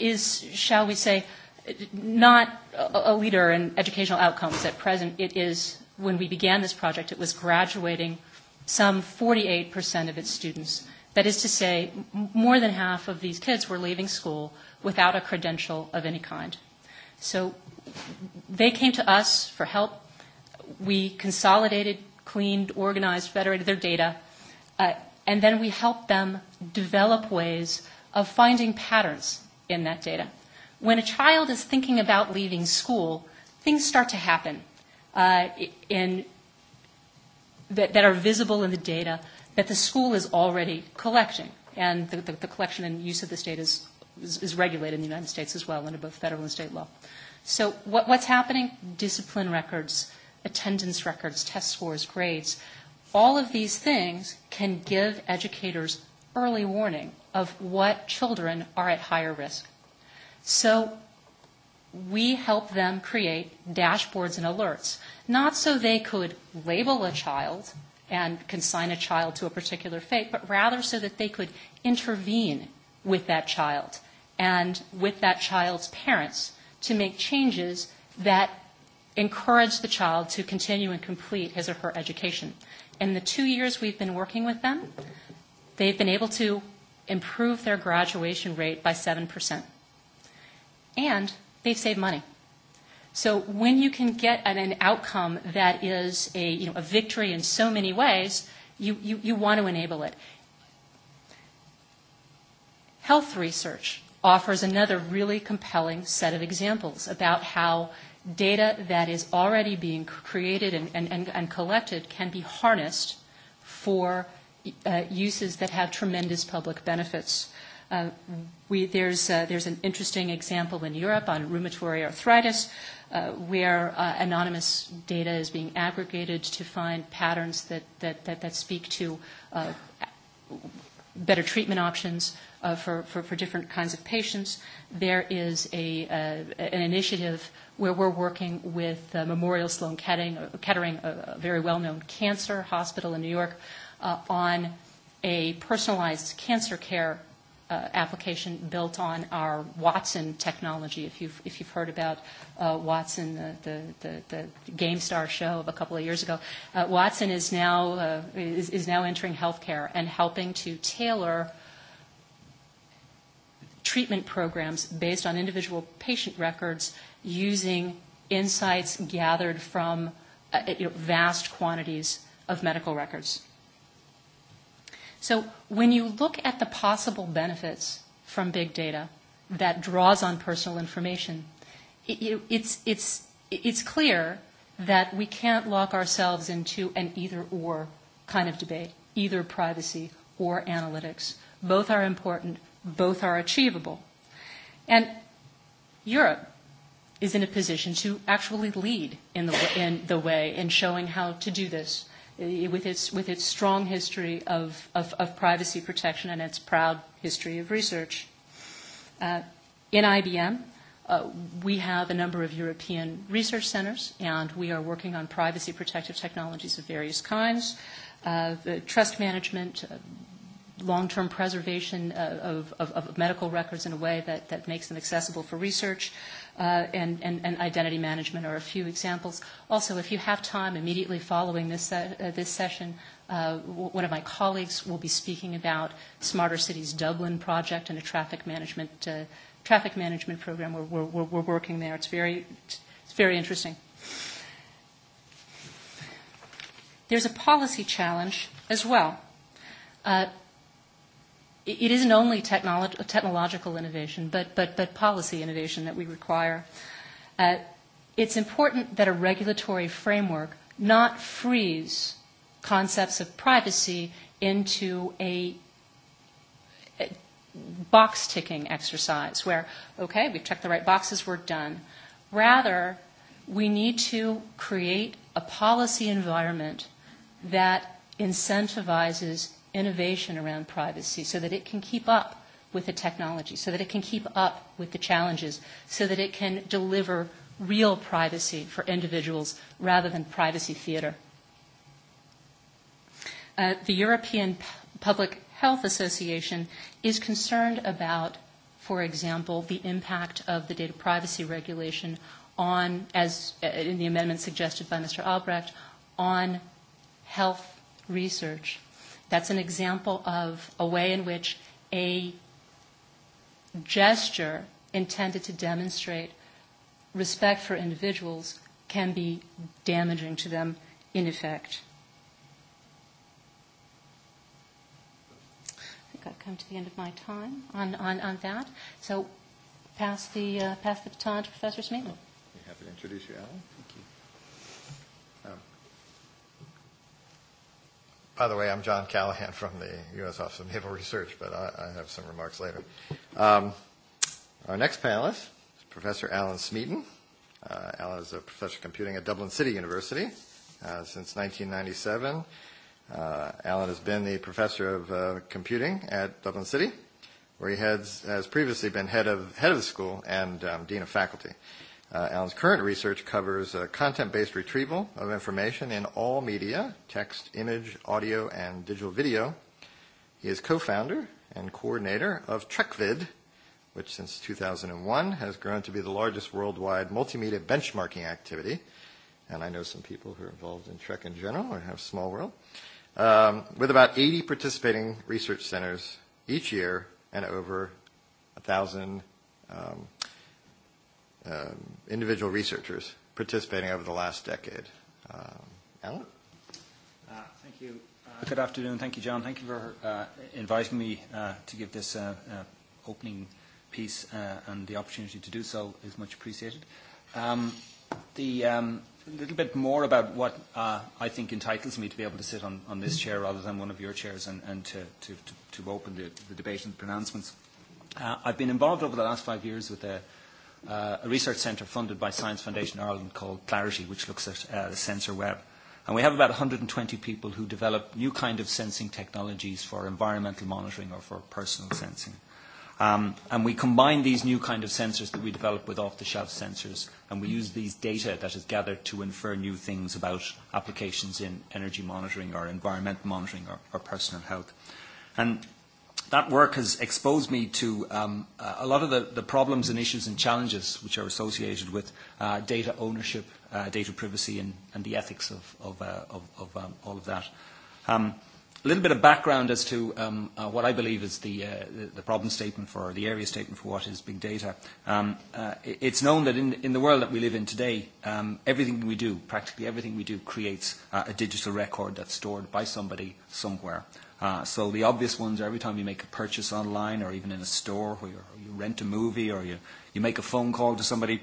is, shall we say, not a leader in educational outcomes at present. It is, when we began this project, it was graduating some 48% of its students. That is to say, more than half of these kids were leaving school without a credential of any kind. So they came to us for help. We consolidated, cleaned, organized, federated their data, and then we helped them develop ways of finding patterns in that data. When a child is thinking about leaving school, things start to happen that, are visible in the data that the school is already collecting. And the, collection and use of this data is, regulated in the United States as well under both federal and state law. So what's happening? Discipline records, attendance records, test scores, grades. All of these things can give educators early warning of what children are at higher risk. So we help them create dashboards and alerts, not so they could label a child and consign a child to a particular fate, but rather so that they could intervene with that child and with that child's parents to make changes that encourage the child to continue and complete his or her education. In the two years we've been working with them, they've been able to improve their graduation rate by 7% and they've saved money. So when you can get an outcome that is a, you know, a victory in so many ways, you, you, you want to enable it. Health research offers another really compelling set of examples about how data that is already being created and, and, and collected can be harnessed for uses that have tremendous public benefits we there's there's an interesting example in Europe on rheumatoid arthritis where anonymous data is being aggregated to find patterns that that that speak to better treatment options for for for different kinds of patients there is a an initiative where we're working with Memorial Sloan Kettering a very well-known cancer hospital in New York on a personalized cancer care application built on our Watson technology. If you've, heard about Watson, the, the, the, GameStar show of a couple of years ago, Watson is now, is, is now entering healthcare and helping to tailor treatment programs based on individual patient records using insights gathered from vast quantities of medical records. So when you look at the possible benefits from big data that draws on personal information, it's, it's, it's clear that we can't lock ourselves into an either-or kind of debate, either privacy or analytics. Both are important. Both are achievable. And Europe is in a position to actually lead in the, in the way in showing how to do this with its with its strong history of of privacy protection and its proud history of research. In IBM, we have a number of European research centers, and we are working on privacy protective technologies of various kinds, trust management, long-term preservation of medical records in a way that makes them accessible for research, and, identity management are a few examples. Also, if you have time immediately following this, this session, one of my colleagues will be speaking about Smarter Cities Dublin project and a traffic management, traffic management program. We're, we're, we're working there. It's very, it's very interesting. There's a policy challenge as well it isn't only technological innovation, but, but, but policy innovation that we require. it's important that a regulatory framework not freeze concepts of privacy into a box ticking exercise where, okay, we've checked the right boxes, we're done. Rather, we need to create a policy environment that incentivizes innovation around privacy so that it can keep up with the technology, so that it can keep up with the challenges, so that it can deliver real privacy for individuals rather than privacy theater. The European Public Health Association is concerned about, for example, the impact of the data privacy regulation on, as in the amendment suggested by Mr. Albrecht, on health research That's an example of a way in which a gesture intended to demonstrate respect for individuals can be damaging to them in effect. I think I've come to the end of my time on, on, on that. So pass the, uh, pass the baton to Professor Smeaton. happy to introduce you, By the way, I'm John Callahan from the U.S. Office of Naval Research, but I have some remarks later. Our next panelist is Professor Alan Smeaton. Alan is a professor of computing at Dublin City University since 1997. Alan has been the professor of computing at Dublin City, where he has previously been head of the school and dean of faculty. Alan's current research covers content-based retrieval of information in all media, text, image, audio, and digital video. He is co-founder and coordinator of TrekVid, which since 2001 has grown to be the largest worldwide multimedia benchmarking activity. And I know some people who are involved in Trek in general or have Small World, with about 80 participating research centers each year and over 1,000 individual researchers participating over the last decade. Alan? Thank you. Good afternoon. Thank you, John. Thank you for inviting me to give this opening piece and the opportunity to do so is much appreciated. The little bit more about what I think entitles me to be able to sit on on this chair rather than one of your chairs and to to to open the debate and pronouncements. I've been involved over the last five years with a a research centre funded by Science Foundation Ireland called Clarity, which looks at the sensor web. And we have about 120 people who develop new kind of sensing technologies for environmental monitoring or for personal sensing. And we combine these new kind of sensors that we develop with off-the-shelf sensors, and we use these data that is gathered to infer new things about applications in energy monitoring or environmental monitoring or personal health. And That work has exposed me to a lot of the problems and issues and challenges which are associated with data ownership, data privacy, and the ethics of all of that. A little bit of background as to what I believe is the problem statement for, the area statement for what is big data. It's known that in the world that we live in today, everything we do, practically everything we do, creates a digital record that's stored by somebody somewhere. So the obvious ones are every time you make a purchase online or even in a store or you rent a movie or you make a phone call to somebody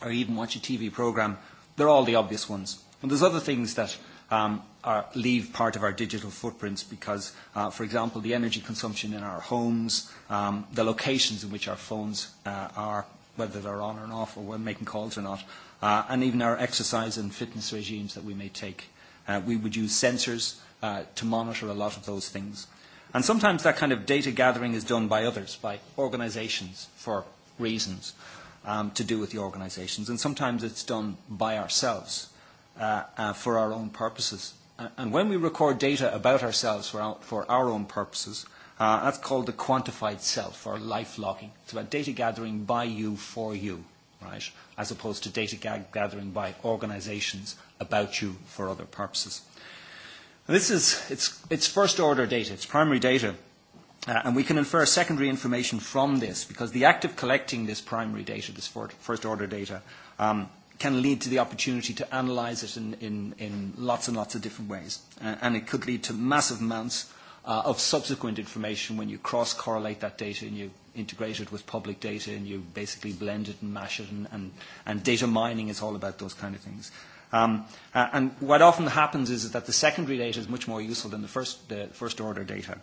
or even watch a TV program, they're all the obvious ones. And there's other things that leave part of our digital footprints because, for example, the energy consumption in our homes, the locations in which our phones are, whether they're on or off or when making calls or not, and even our exercise and fitness regimes that we may take. We would use sensors to monitor a lot of those things. And sometimes that kind of data gathering is done by others, by organizations for reasons to do with the organizations. And sometimes it's done by ourselves for our own purposes. And when we record data about ourselves for our own purposes, that's called the quantified self or life logging. It's about data gathering by you for you, right, as opposed to data gathering by organizations about you for other purposes. This is its, its first order data, its primary data, and we can infer secondary information from this because the act of collecting this primary data, this first order data, um, can lead to the opportunity to analyze it in, in, in lots and lots of different ways. and it could lead to massive amounts of subsequent information when you cross-correlate that data and you integrate it with public data and you basically blend it and mash it and, and data mining is all about those kind of things. And what often happens is that the secondary data is much more useful than the first-order data.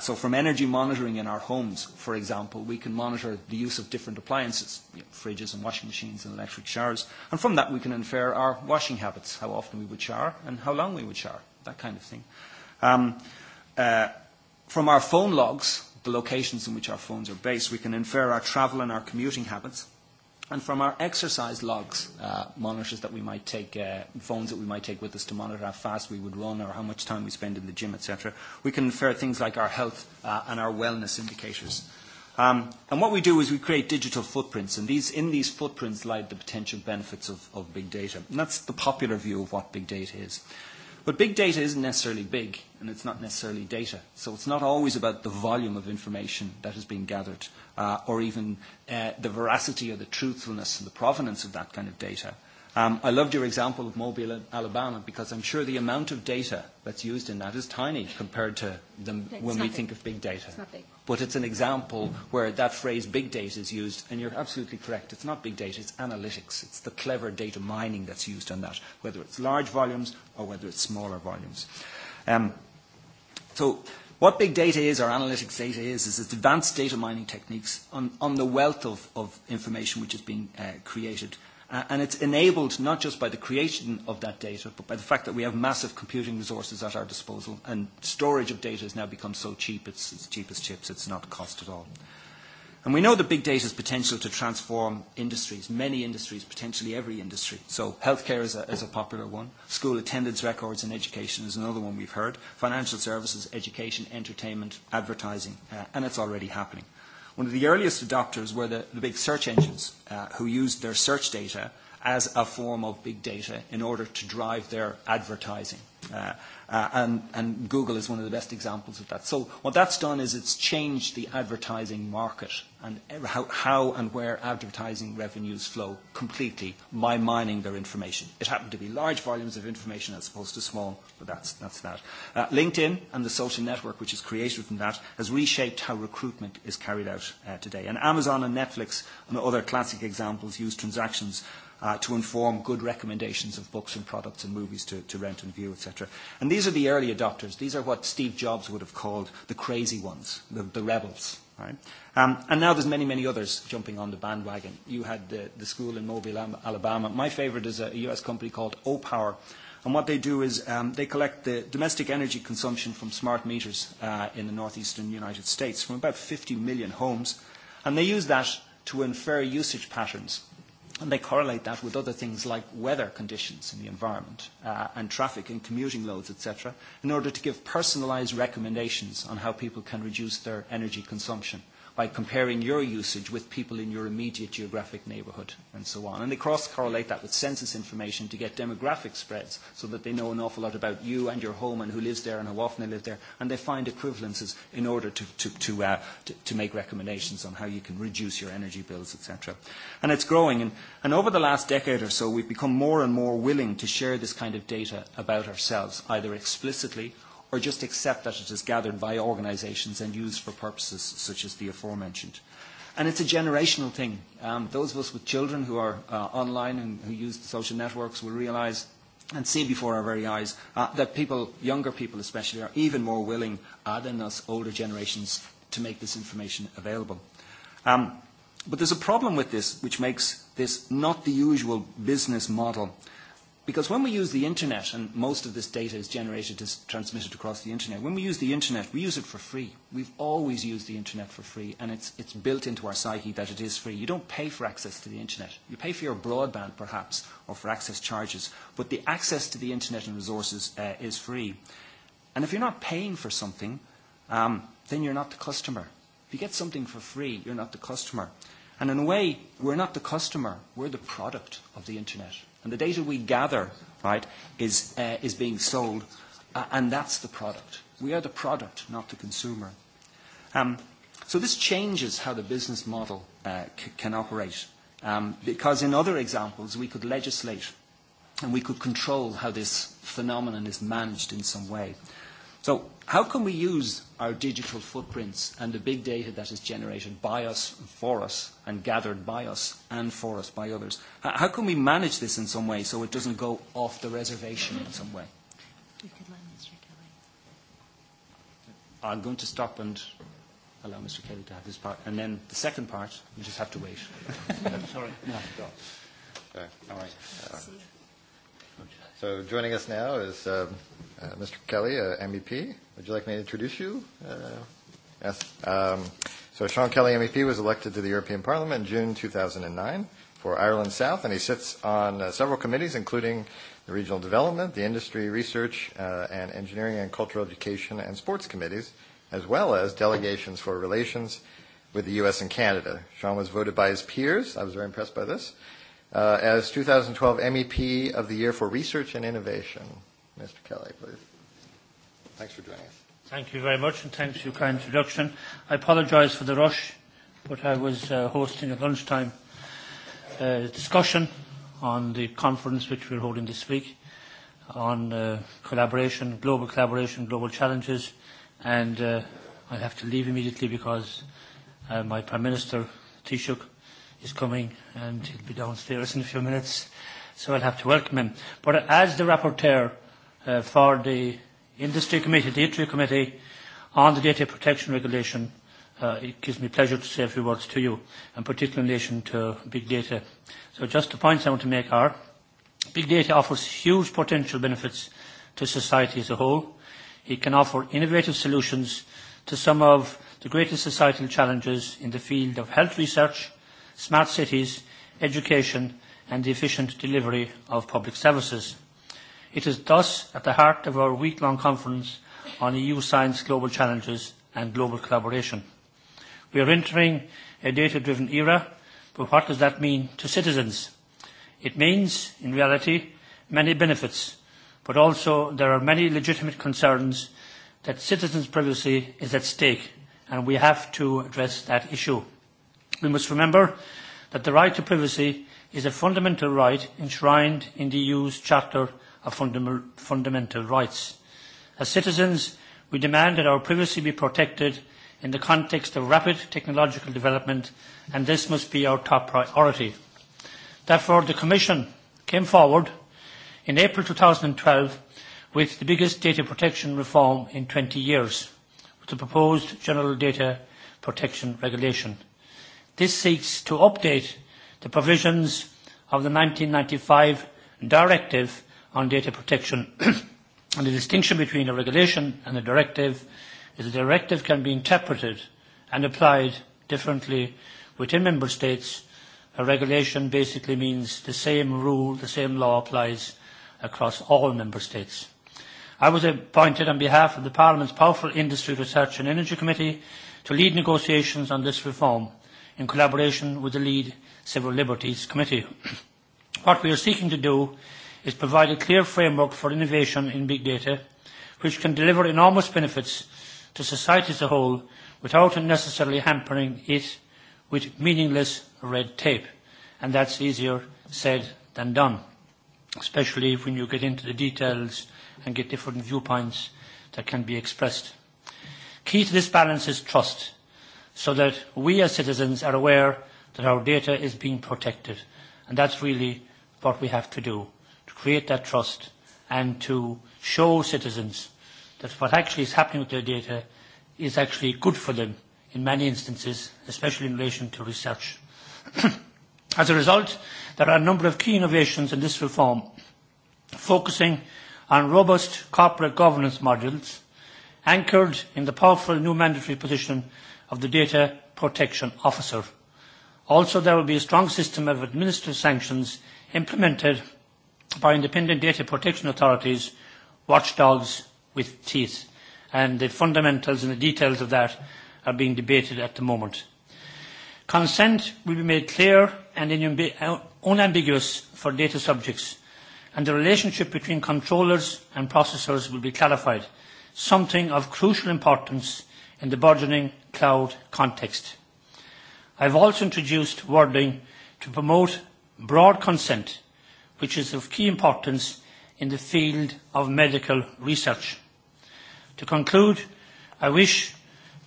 So from energy monitoring in our homes, for example, we can monitor the use of different appliances, fridges and washing machines and electric showers. And from that, we can infer our washing habits, how often we would shower and how long we would shower, that kind of thing. From our phone logs, the locations in which our phones are based, we can infer our travel and our commuting habits and from our exercise logs, monitors that we might take, phones that we might take with us to monitor how fast we would run or how much time we spend in the gym, etc. We can infer things like our health and our wellness indicators. And what we do is we create digital footprints, and these in these footprints lie the potential benefits of big data. And that's the popular view of what big data is. But big data isn't necessarily big, and it's not necessarily data. So it's not always about the volume of information that has been gathered, or even the veracity or the truthfulness and the provenance of that kind of data. I loved your example of Mobile, Alabama, because I'm sure the amount of data that's used in that is tiny compared to when we think of big data. But it's an example where that phrase big data is used, and you're absolutely correct. It's not big data, it's analytics. It's the clever data mining that's used on that, whether it's large volumes or whether it's smaller volumes. So what big data is, or analytics data is, is it's advanced data mining techniques on the wealth of information which is being created and it's enabled not just by the creation of that data but by the fact that we have massive computing resources at our disposal and storage of data has now become so cheap it's as cheap as chips it's not cost at all and we know that big data's potential to transform industries many industries potentially every industry so healthcare is a is a popular one school attendance records and education is another one we've heard financial services education entertainment advertising and it's already happening One of the earliest adopters were the big search engines who used their search data as a form of big data in order to drive their advertising and Google is one of the best examples of that. So what that's done is it's changed the advertising market and how and where advertising revenues flow completely by mining their information. It happened to be large volumes of information as opposed to small, but that's that's that. LinkedIn and the social network which is created from that has reshaped how recruitment is carried out today. And Amazon and Netflix and other classic examples use transactions to inform good recommendations of books and products and movies to rent and view, etc. And these are the early adopters. These are what Steve Jobs would have called the crazy ones, the rebels. And now there's many, many others jumping on the bandwagon. You had the school in Mobile, Alabama. My favorite is a U.S. company called OPower, And what they do is they collect the domestic energy consumption from smart meters in the northeastern United States from about 50 million homes. And they use that to infer usage patterns And they correlate that with other things like weather conditions in the environment and traffic and commuting loads, etc., in order to give personalised recommendations on how people can reduce their energy consumption by comparing your usage with people in your immediate geographic neighbourhood and so on. And they cross-correlate that with census information to get demographic spreads so that they know an awful lot about you and your home and who lives there and how often they live there. And they find equivalences in order to, to, to, to make recommendations on how you can reduce your energy bills, etc. And it's growing. And, and over the last decade or so, we've become more and more willing to share this kind of data about ourselves, either explicitly or just accept that it is gathered by organisations and used for purposes such as the aforementioned. And it's a generational thing. Those of us with children who are online and who use the social networks will realise and see before our very eyes that people, younger people especially, are even more willing than us older generations to make this information available. But there's a problem with this which makes this not the usual business model Because when we use the internet, and most of this data is generated, is transmitted across the internet, when we use the internet, we use it for free. We've always used the internet for free, and it's, it's built into our psyche that it is free. You don't pay for access to the internet. You pay for your broadband, perhaps, or for access charges, but the access to the internet and resources is free. And if you're not paying for something, um, then you're not the customer. If you get something for free, you're not the customer. And in a way, we're not the customer, we're the product of the internet. And the data we gather, right, is, is being sold, and that's the product. We are the product, not the consumer. Um, so this changes how the business model can operate, um, because in other examples we could legislate and we could control how this phenomenon is managed in some way. So how can we use our digital footprints and the big data that is generated by us and for us and gathered by us and for us by others? How can we manage this in some way so it doesn't go off the reservation in some way? I'm going to stop and allow Mr. Kelly to have his part. And then the second part, you just have to wait. Sorry. All right. So joining us now is Mr. Kelly, MEP. Would you like me to introduce you? Yes. So Sean Kelly, MEP, was elected to the European Parliament in June 2009 for Ireland South, and he sits on several committees, including the Regional Development, the Industry, Research, and Engineering and Cultural Education and Sports Committees, as well as delegations for relations with the U.S. and Canada. Sean was voted by his peers. I was very impressed by this as 2012 MEP of the Year for Research and Innovation. Mr. Kelly, please. Thanks for joining us. Thank you very much, and thanks for your kind introduction. I apologize for the rush, but I was hosting a lunchtime discussion on the conference which we're holding this week on collaboration, global collaboration, global challenges, and I have to leave immediately because my Prime Minister, Taoiseach, is coming and he'll be downstairs in a few minutes, so I'll have to welcome him. But as the rapporteur for the Industry Committee, the ITRI Committee, on the Data Protection Regulation, it gives me pleasure to say a few words to you, and particularly in relation to big data. So just the points I want to make are, big data offers huge potential benefits to society as a whole. It can offer innovative solutions to some of the greatest societal challenges in the field of health research, smart cities, education and the efficient delivery of public services. It is thus at the heart of our week-long conference on EU science global challenges and global collaboration. We are entering a data-driven era, but what does that mean to citizens? It means, in reality, many benefits, but also there are many legitimate concerns that citizens' privacy is at stake, and we have to address that issue. We must remember that the right to privacy is a fundamental right enshrined in the EU's Charter of Fundamental Rights. As citizens, we demand that our privacy be protected in the context of rapid technological development, and this must be our top priority. Therefore, the Commission came forward in April 2012 with the biggest data protection reform in 20 years, with the proposed General Data Protection Regulation. This seeks to update the provisions of the ninety five Directive on Data Protection. And the distinction between a regulation and a directive is that a directive can be interpreted and applied differently within member states. A regulation basically means the same rule, the same law applies across all member states. I was appointed on behalf of the Parliament's Powerful Industry Research and Energy Committee to lead negotiations on this reform in collaboration with the lead Civil Liberties Committee. What we are seeking to do is provide a clear framework for innovation in big data, which can deliver enormous benefits to society as a whole without unnecessarily hampering it with meaningless red tape. And that's easier said than done, especially when you get into the details and get different viewpoints that can be expressed. Key to this balance is trust so that we as citizens are aware that our data is being protected. And that's really what we have to do, to create that trust and to show citizens that what actually is happening with their data is actually good for them in many instances, especially in relation to research. As a result, there are a number of key innovations in this reform, focusing on robust corporate governance models, anchored in the powerful new mandatory position of the Data Protection Officer. Also, there will be a strong system of administrative sanctions implemented by independent data protection authorities, watchdogs with teeth. And the fundamentals and the details of that are being debated at the moment. Consent will be made clear and unambiguous for data subjects, and the relationship between controllers and processors will be clarified, something of crucial importance in the burgeoning cloud context. I have also introduced wording to promote broad consent, which is of key importance in the field of medical research. To conclude, I wish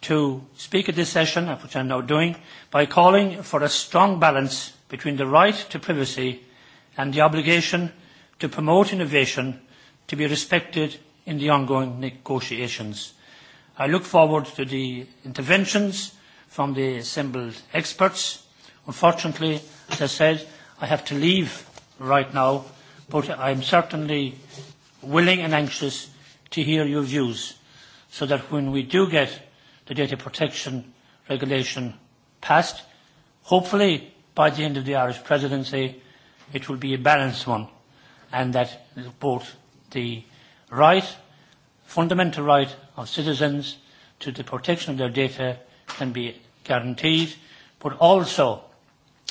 to speak at this session, which I am now doing, by calling for a strong balance between the right to privacy and the obligation to promote innovation to be respected in the ongoing negotiations. I look forward to the interventions from the assembled experts. Unfortunately, as I said, I have to leave right now, but I am certainly willing and anxious to hear your views so that when we do get the data protection regulation passed, hopefully by the end of the Irish presidency, it will be a balanced one and that both the right fundamental right of citizens to the protection of their data can be guaranteed, but also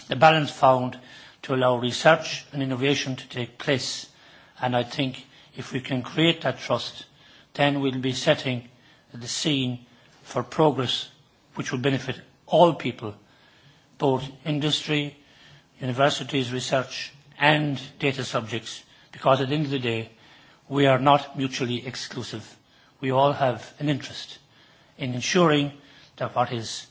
the balance found to allow research and innovation to take place. And I think if we can create that trust, then we'll be setting the scene for progress which will benefit all people, both industry, universities, research and data subjects, because at the end of the day, we are not mutually exclusive. We all have an interest in ensuring that what is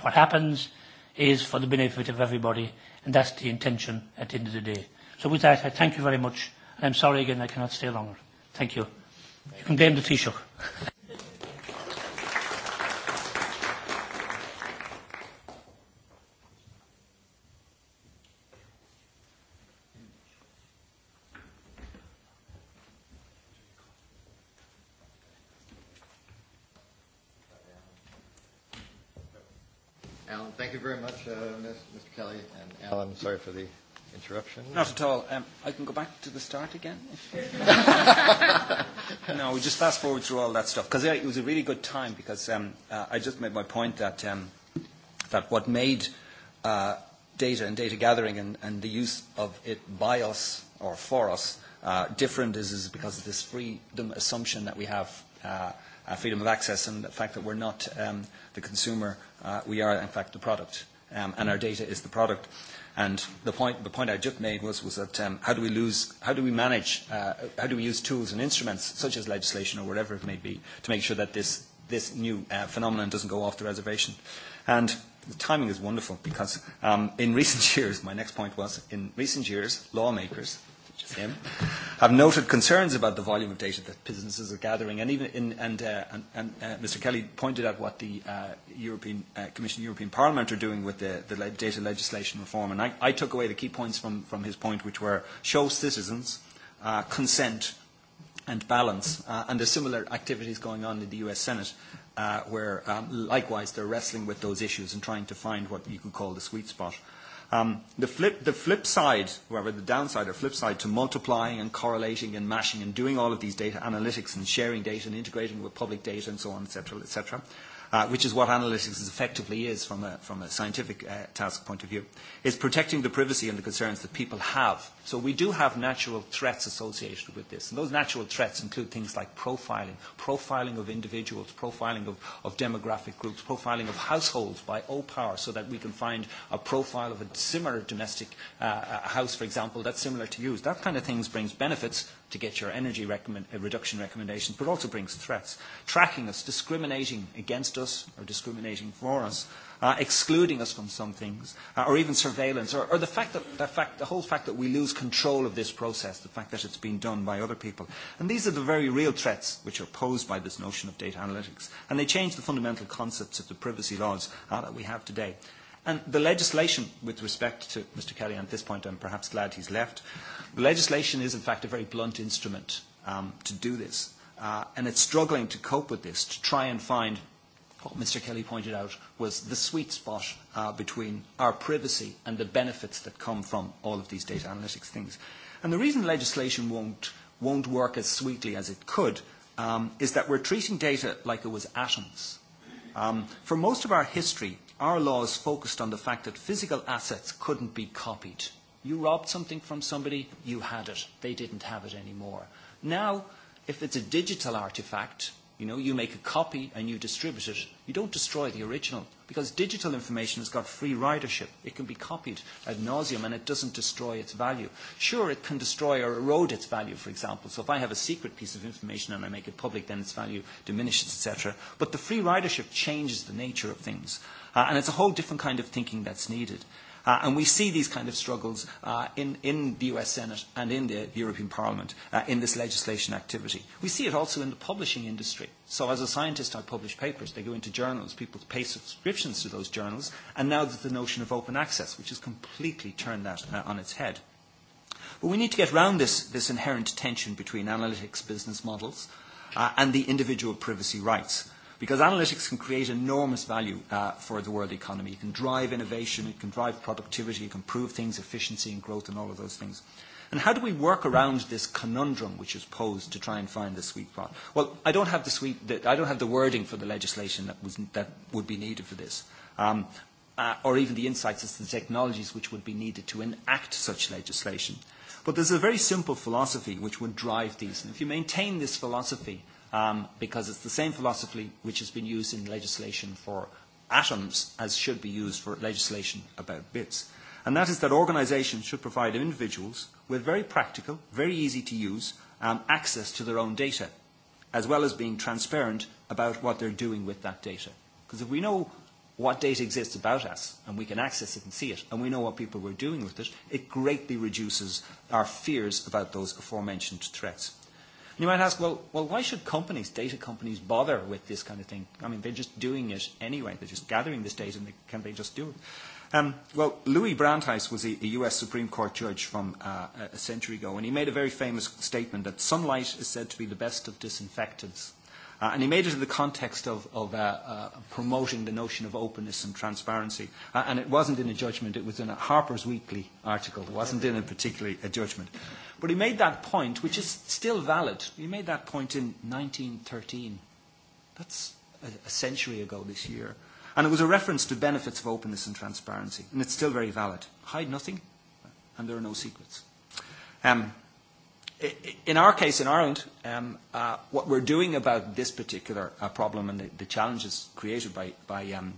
what happens is for the benefit of everybody, and that's the intention at the end of the day. So with that, I thank you very much. I'm sorry again I cannot stay longer. Thank you. You can blame the Taoiseach. for the interruption. Not at all. I can go back to the start again. no, we just fast forward through all that stuff because it was a really good time because I just made my point that that what made uh, data and data gathering and, and the use of it by us or for us different is, is because of this freedom assumption that we have, freedom of access and the fact that we're not um, the consumer, uh, we are in fact the product and our data is the product. And the point, the point I just made was, that how do we lose, how do we manage, uh, how do we use tools and instruments such as legislation or whatever it may be to make sure that this, this new uh, phenomenon doesn't go off the reservation. And the timing is wonderful because um, in recent years, my next point was, in recent years, lawmakers just him, have noted concerns about the volume of data that businesses are gathering. And even in, and, uh, and, uh, Mr. Kelly pointed out what the uh, European uh, Commission, European Parliament are doing with the, the data legislation reform. And I, I took away the key points from, from his point, which were show citizens, uh, consent, and balance. Uh, and there's similar activities going on in the US Senate uh, where um, likewise they're wrestling with those issues and trying to find what you could call the sweet spot The flip side, however, the downside or flip side to multiplying and correlating and mashing and doing all of these data analytics and sharing data and integrating with public data and so on, etc., etc., which is what analytics effectively is from a, from a scientific task point of view, is protecting the privacy and the concerns that people have. So we do have natural threats associated with this. And those natural threats include things like profiling, profiling of individuals, profiling of, of demographic groups, profiling of households by Power so that we can find a profile of a similar domestic house, for example, that's similar to yours. That kind of things brings benefits to get your energy reduction recommendations, but also brings threats, tracking us, discriminating against us or discriminating for us, excluding us from some things, or even surveillance, or the fact that the whole fact that we lose control of this process, the fact that it's been done by other people. And these are the very real threats which are posed by this notion of data analytics, and they change the fundamental concepts of the privacy laws that we have today. And the legislation, with respect to Mr. Kelly, and at this point I'm perhaps glad he's left, the legislation is in fact a very blunt instrument to do this. And it's struggling to cope with this, to try and find what Mr. Kelly pointed out was the sweet spot between our privacy and the benefits that come from all of these data analytics things. And the reason legislation won't won't work as sweetly as it could is that we're treating data like it was atoms. For most of our history, our laws focused on the fact that physical assets couldn't be copied. You robbed something from somebody, you had it. They didn't have it anymore. Now, if it's a digital artifact, you know, you make a copy and you distribute it. You don't destroy the original because digital information has got free ridership. It can be copied ad nauseum and it doesn't destroy its value. Sure, it can destroy or erode its value, for example. So if I have a secret piece of information and I make it public, then its value diminishes, etc. But the free ridership changes the nature of things. And it's a whole different kind of thinking that's needed. And we see these kind of struggles in in the US Senate and in the European Parliament in this legislation activity. We see it also in the publishing industry. So as a scientist I publish papers, they go into journals, people pay subscriptions to those journals, and now there's the notion of open access, which has completely turned that on its head. But we need to get around this this inherent tension between analytics business models and the individual privacy rights. Because analytics can create enormous value for the world economy. It can drive innovation, it can drive productivity, it can improve things, efficiency and growth and all of those things. And how do we work around this conundrum which is posed to try and find the sweet spot? Well, I don't have the sweet, I don't have the wording for the legislation that, was, that would be needed for this, um, or even the insights as to the technologies which would be needed to enact such legislation. But there's a very simple philosophy which would drive these. And if you maintain this philosophy, because it's the same philosophy which has been used in legislation for atoms as should be used for legislation about bits. And that is that organisations should provide individuals with very practical, very easy to use access to their own data, as well as being transparent about what they're doing with that data. Because if we know what data exists about us, and we can access it and see it, and we know what people were doing with it, it greatly reduces our fears about those aforementioned threats. You might ask, well, well, why should companies, data companies, bother with this kind of thing? I mean, they're just doing it anyway. They're just gathering this data, and can they just do it? Well, Louis Brandeis was a U.S. Supreme Court judge from a century ago, and he made a very famous statement that sunlight is said to be the best of disinfectants. And he made it in the context of promoting the notion of openness and transparency. And it wasn't in a judgment. It was in a Harper's Weekly article. It wasn't in a particularly a judgment. But he made that point, which is still valid. He made that point in 1913. That's a century ago this year. And it was a reference to benefits of openness and transparency. And it's still very valid. Hide nothing, and there are no secrets. Um, in our case, in Ireland, um, what we're doing about this particular problem and the, the challenges created by, by um,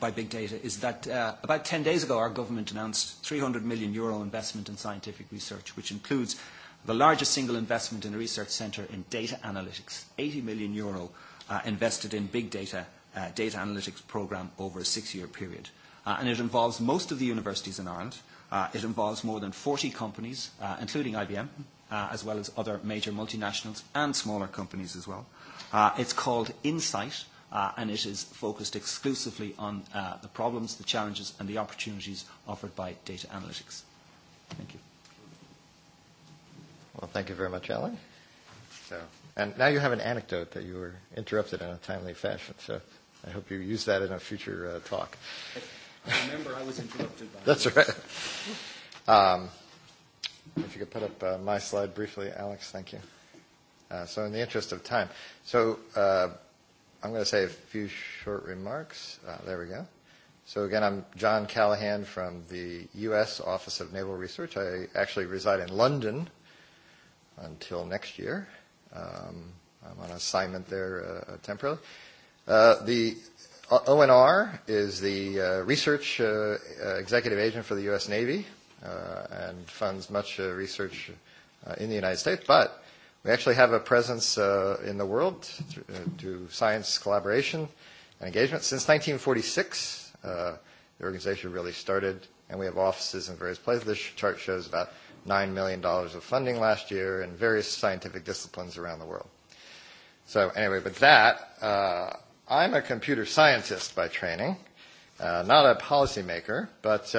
by big data is that about 10 days ago our government announced 300 million euro investment in scientific research, which includes the largest single investment in a research centre in data analytics, 80 million euro invested in big data data analytics programme over a six-year period. And it involves most of the universities in Ireland. It involves more than 40 companies, including IBM, as well as other major multinationals and smaller companies as well. It's called Insight and it is focused exclusively on the problems, the challenges and the opportunities offered by data analytics. Thank you. Well, thank you very much, Alan. So, and now you have an anecdote that you were interrupted in a timely fashion. So, I hope you use that in a future talk. I remember I was interrupted by. That's right. Um, if you could put up my slide briefly, Alex, thank you. so, in the interest of time, so. I'm going to say a few short remarks. There we go. So again, I'm John Callahan from the U.S. Office of Naval Research. I actually reside in London until next year. Um, I'm on assignment there uh, temporarily. Uh, the ONR is the uh, research uh, executive agent for the U.S. Navy uh, and funds much uh, research uh, in the United States, but We actually have a presence in the world through science collaboration and engagement. Since 1946, the organization really started, and we have offices in various places. This chart shows about $9 million of funding last year in various scientific disciplines around the world. So anyway, with that, I'm a computer scientist by training, not a policymaker, but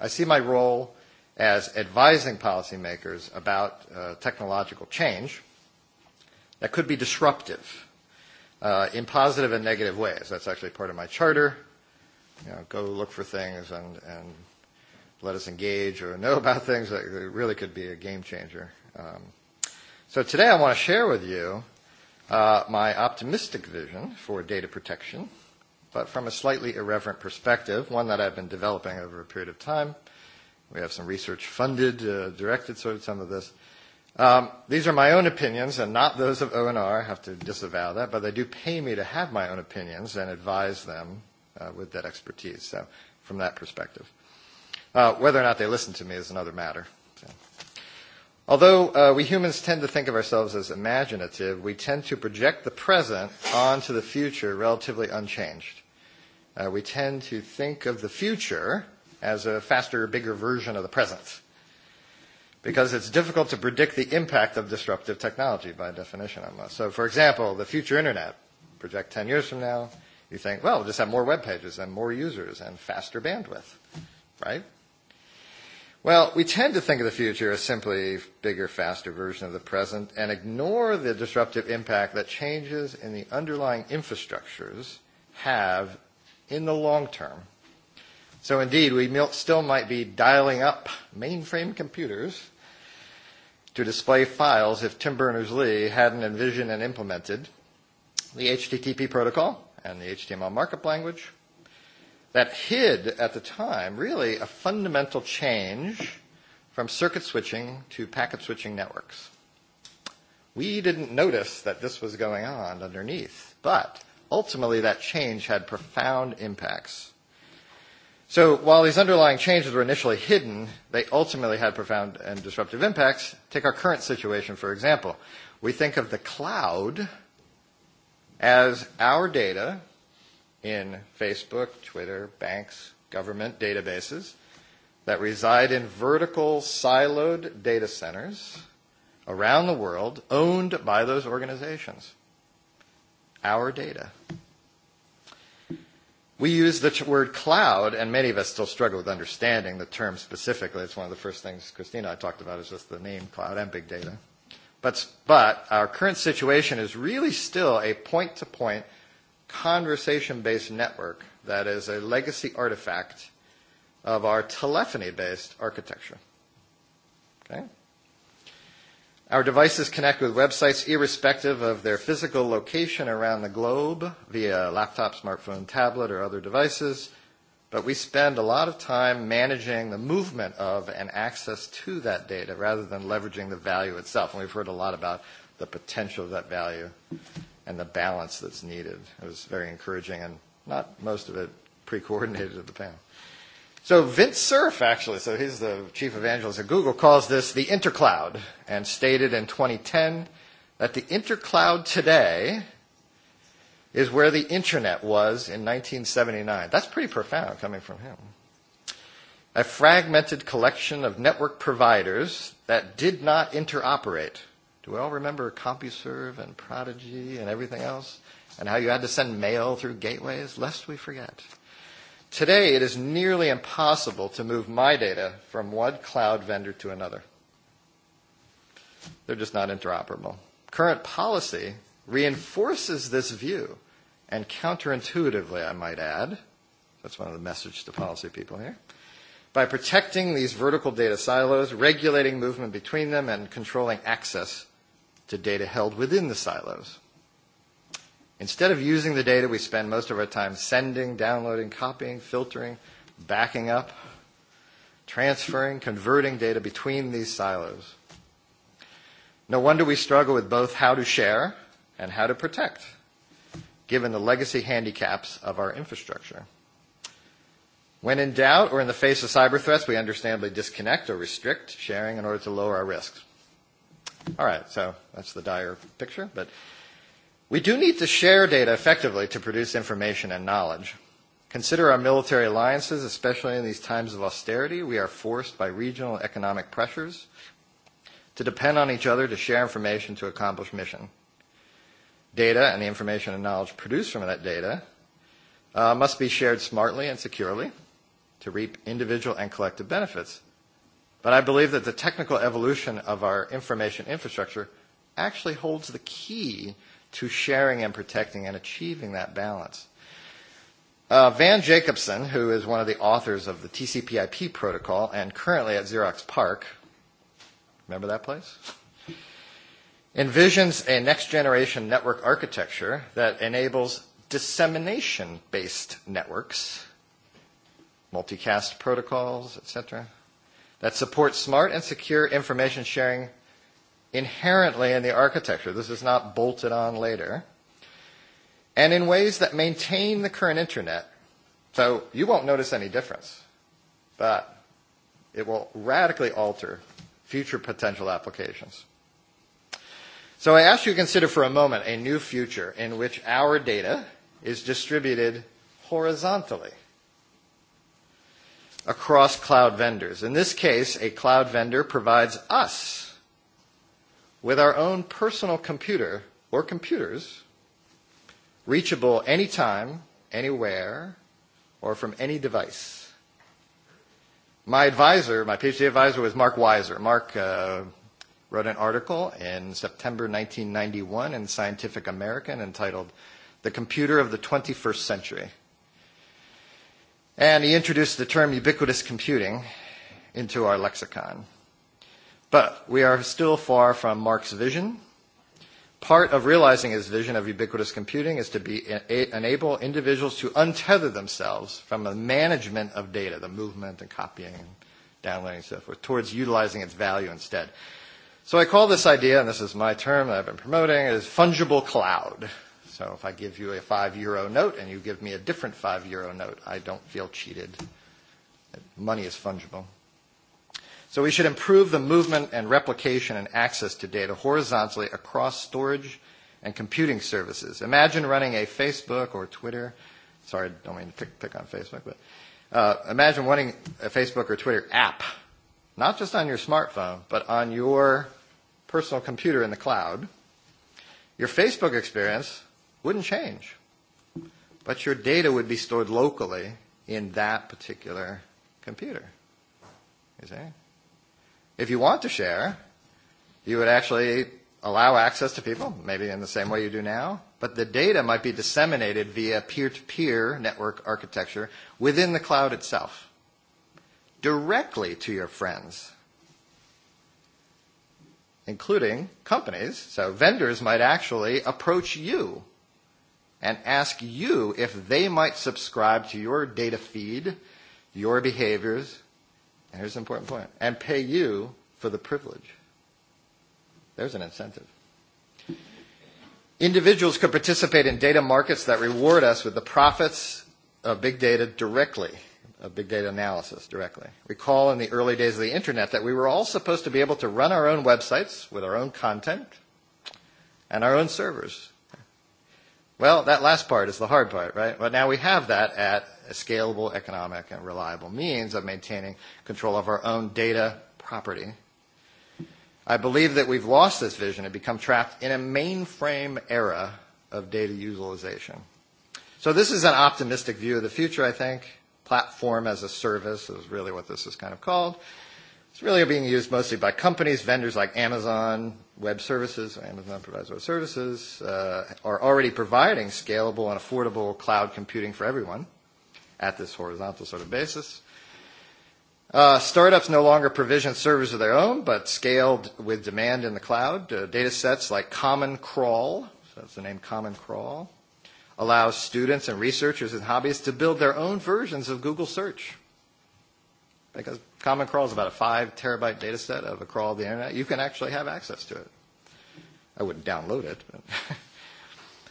I see my role as advising policymakers about technological change that could be disruptive in positive and negative ways. That's actually part of my charter. You know, go look for things and, and let us engage or know about things that really could be a game changer. Um, so today I want to share with you uh, my optimistic vision for data protection, but from a slightly irreverent perspective, one that I've been developing over a period of time – We have some research funded, directed sort of some of this. These are my own opinions and not those of ONR. I have to disavow that, but they do pay me to have my own opinions and advise them with that expertise. So from that perspective. Whether or not they listen to me is another matter. Although we humans tend to think of ourselves as imaginative, we tend to project the present onto the future relatively unchanged. We tend to think of the future as a faster, bigger version of the present. Because it's difficult to predict the impact of disruptive technology by definition So, for example, the future internet, project 10 years from now, you think, well, we'll just have more web pages and more users and faster bandwidth, right? Well, we tend to think of the future as simply a bigger, faster version of the present and ignore the disruptive impact that changes in the underlying infrastructures have in the long term So indeed, we still might be dialing up mainframe computers to display files if Tim Berners-Lee hadn't envisioned and implemented the HTTP protocol and the HTML markup language that hid at the time really a fundamental change from circuit switching to packet switching networks. We didn't notice that this was going on underneath, but ultimately that change had profound impacts So while these underlying changes were initially hidden, they ultimately had profound and disruptive impacts. Take our current situation, for example. We think of the cloud as our data in Facebook, Twitter, banks, government databases that reside in vertical siloed data centers around the world owned by those organizations. Our data. We use the word cloud, and many of us still struggle with understanding the term specifically. It's one of the first things Christina and I talked about is just the name cloud and big data. But, but our current situation is really still a point-to-point conversation-based network that is a legacy artifact of our telephony-based architecture. Okay? Our devices connect with websites irrespective of their physical location around the globe via laptop, smartphone, tablet, or other devices, but we spend a lot of time managing the movement of and access to that data rather than leveraging the value itself. And we've heard a lot about the potential of that value and the balance that's needed. It was very encouraging and not most of it pre-coordinated at the panel. So Vince Cerf, actually, so he's the chief evangelist at Google, calls this the intercloud and stated in 2010 that the intercloud today is where the internet was in 1979. That's pretty profound coming from him. A fragmented collection of network providers that did not interoperate. Do we all remember CompuServe and Prodigy and everything else? And how you had to send mail through gateways? Lest we forget. Today, it is nearly impossible to move my data from one cloud vendor to another. They're just not interoperable. Current policy reinforces this view, and counterintuitively, I might add, that's one of the messages to policy people here, by protecting these vertical data silos, regulating movement between them, and controlling access to data held within the silos. Instead of using the data, we spend most of our time sending, downloading, copying, filtering, backing up, transferring, converting data between these silos. No wonder we struggle with both how to share and how to protect, given the legacy handicaps of our infrastructure. When in doubt or in the face of cyber threats, we understandably disconnect or restrict sharing in order to lower our risks. All right, so that's the dire picture, but We do need to share data effectively to produce information and knowledge. Consider our military alliances, especially in these times of austerity. We are forced by regional economic pressures to depend on each other to share information to accomplish mission. Data and the information and knowledge produced from that data must be shared smartly and securely to reap individual and collective benefits. But I believe that the technical evolution of our information infrastructure actually holds the key to sharing and protecting and achieving that balance. Van Jacobson, who is one of the authors of the TCPIP protocol and currently at Xerox Park, remember that place? envisions a next-generation network architecture that enables dissemination-based networks, multicast protocols, etc., that support smart and secure information sharing inherently in the architecture. This is not bolted on later. And in ways that maintain the current internet. So you won't notice any difference. But it will radically alter future potential applications. So I ask you to consider for a moment a new future in which our data is distributed horizontally across cloud vendors. In this case, a cloud vendor provides us with our own personal computer or computers, reachable anytime, anywhere, or from any device. My advisor, my PhD advisor, was Mark Weiser. Mark wrote an article in September 1991 in Scientific American entitled The Computer of the 21st Century. And he introduced the term ubiquitous computing into our lexicon. But we are still far from Mark's vision. Part of realizing his vision of ubiquitous computing is to be enable individuals to untether themselves from the management of data, the movement and copying and downloading and so forth, towards utilizing its value instead. So I call this idea, and this is my term that I've been promoting, is fungible cloud. So if I give you a five euro note and you give me a different five euro note, I don't feel cheated. Money is fungible. So we should improve the movement and replication and access to data horizontally across storage and computing services. Imagine running a Facebook or Twitter. Sorry, I don't mean to pick on Facebook, but uh, imagine running a Facebook or Twitter app, not just on your smartphone, but on your personal computer in the cloud. Your Facebook experience wouldn't change, but your data would be stored locally in that particular computer. You see? If you want to share, you would actually allow access to people, maybe in the same way you do now, but the data might be disseminated via peer-to-peer network architecture within the cloud itself, directly to your friends, including companies. So vendors might actually approach you and ask you if they might subscribe to your data feed, your behaviors, and here's an important point, and pay you for the privilege. There's an incentive. Individuals could participate in data markets that reward us with the profits of big data directly, of big data analysis directly. Recall in the early days of the Internet that we were all supposed to be able to run our own websites with our own content and our own servers. Well, that last part is the hard part, right? But now we have that at a scalable, economic, and reliable means of maintaining control of our own data property. I believe that we've lost this vision and become trapped in a mainframe era of data utilization. So this is an optimistic view of the future, I think. Platform as a service is really what this is kind of called. It's really being used mostly by companies, vendors like Amazon Web Services, Amazon provides web services, are already providing scalable and affordable cloud computing for everyone at this horizontal sort of basis. Startups no longer provision servers of their own, but scaled with demand in the cloud. Data sets like Common Crawl, that's the name Common Crawl, allows students and researchers and hobbyists to build their own versions of Google search. Because Common Crawl is about a five terabyte data set of a crawl of the internet, you can actually have access to it. I wouldn't download it, but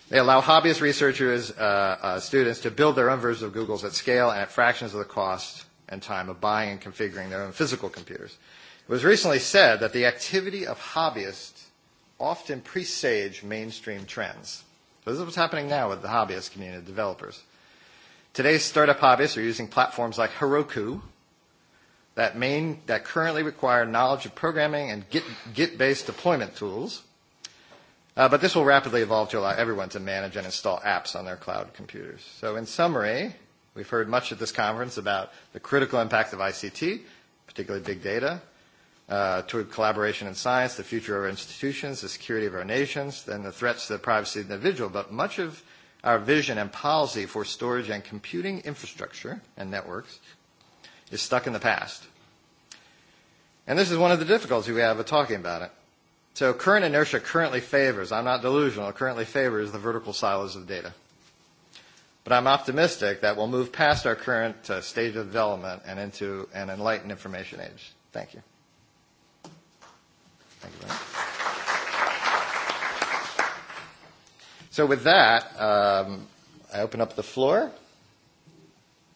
They allow hobbyist researchers, students, to build their own versions of Google's at scale and at fractions of the cost and time of buying and configuring their own physical computers. It was recently said that the activity of hobbyists often presage mainstream trends. So this is what's happening now with the hobbyist community of developers. Today's startup hobbyists are using platforms like Heroku that, main, that currently require knowledge of programming and Git, Git-based deployment tools But this will rapidly evolve to allow everyone to manage and install apps on their cloud computers. So in summary, we've heard much at this conference about the critical impact of ICT, particularly big data, toward collaboration in science, the future of our institutions, the security of our nations, then the threats to the privacy of the individual. But much of our vision and policy for storage and computing infrastructure and networks is stuck in the past. And this is one of the difficulties we have with talking about it. So current inertia currently favors, I'm not delusional, currently favors the vertical silos of data. But I'm optimistic that we'll move past our current stage of development and into an enlightened information age. Thank you. Thank you very much. So with that, um, I open up the floor.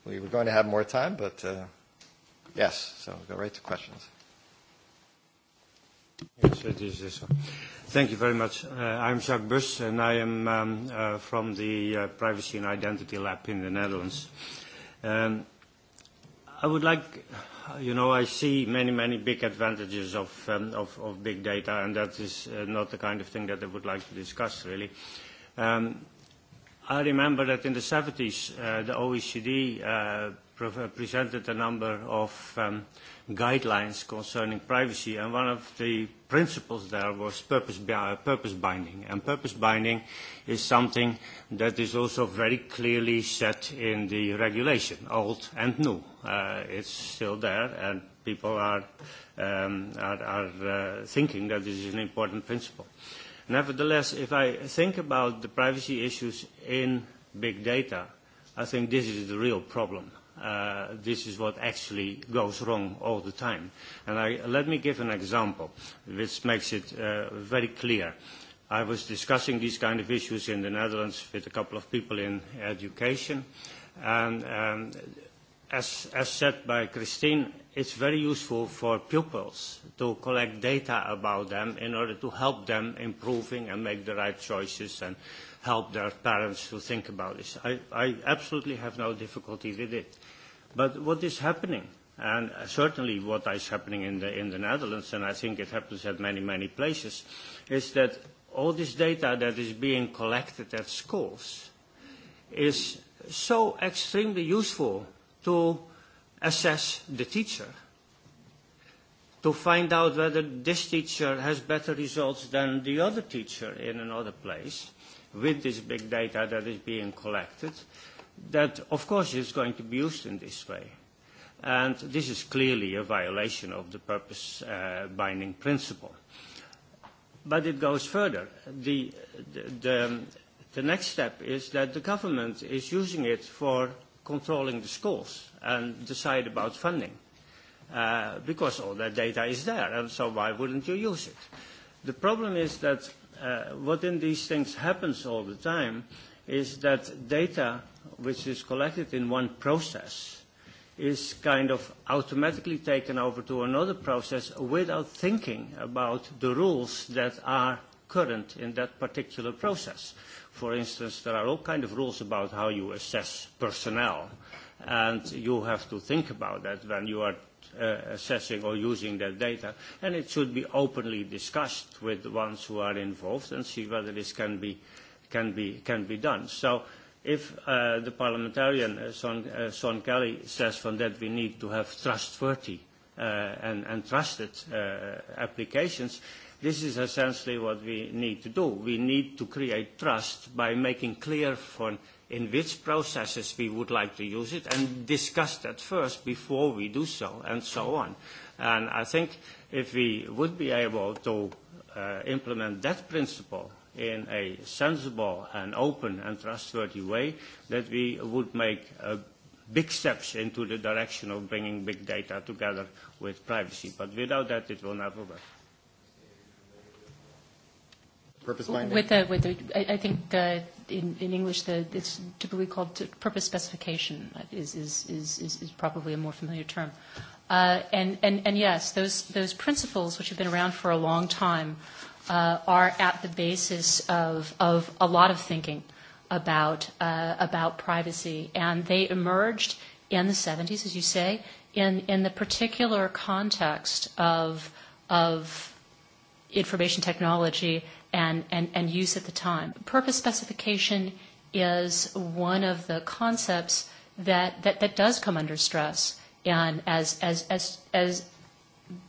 We were going to have more time, but yes, so go right to questions. Yes, it is Thank you very much. I'm Jacques Bus, and I am from the Privacy and Identity Lab in the Netherlands. I would like, you know, I see many, many big advantages of of big data, and that is not the kind of thing that I would like to discuss, really. I remember that in the 70s the OECD presented a number of guidelines concerning privacy, and one of the principles there was purpose purpose binding. And purpose binding is something that is also very clearly set in the regulation, old and new. It's still there, and people are thinking that this is an important principle. Nevertheless, if I think about the privacy issues in big data, I think this is the real problem. This is what actually goes wrong all the time. And let me give an example which makes it very clear. I was discussing these kind of issues in the Netherlands with a couple of people in education, and as said by Christine, it's very useful for pupils to collect data about them in order to help them improving and make the right choices and help their parents to think about this. I absolutely have no difficulty with it. But what is happening, and certainly what is happening in the Netherlands, and I think it happens at many, many places, is that all this data that is being collected at schools is so extremely useful to assess the teacher, to find out whether this teacher has better results than the other teacher in another place with this big data that is being collected, that of course is going to be used in this way. And this is clearly a violation of the purpose binding principle. But it goes further. The next step is that the government is using it for controlling the schools and decide about funding, because all that data is there, and so why wouldn't you use it? The problem is that what in these things happens all the time is that data which is collected in one process is kind of automatically taken over to another process without thinking about the rules that are current in that particular process. For instance, there are all kinds of rules about how you assess personnel, and you have to think about that when you are assessing or using that data, and it should be openly discussed with the ones who are involved and see whether this can be can be can be done. So if the parliamentarian Son Kelly says from that we need to have trustworthy and trusted applications, This is essentially what we need to do. We need to create trust by making clear in which processes we would like to use it and discuss that first before we do so and so on. And I think if we would be able to implement that principle in a sensible and open and trustworthy way, that we would make big steps into the direction of bringing big data together with privacy. But without that, it will never work purpose binding? With I, think in, English the, it's typically called purpose specification is, is, is, is, probably a more familiar term. and, and, yes, those, those principles which have been around for a long time are at the basis of, of a lot of thinking about, about privacy. And they emerged in the 70s, as you say, in, in the particular context of, of information technology and, and, and use at the time. Purpose specification is one of the concepts that, that, that does come under stress and as, as, as, as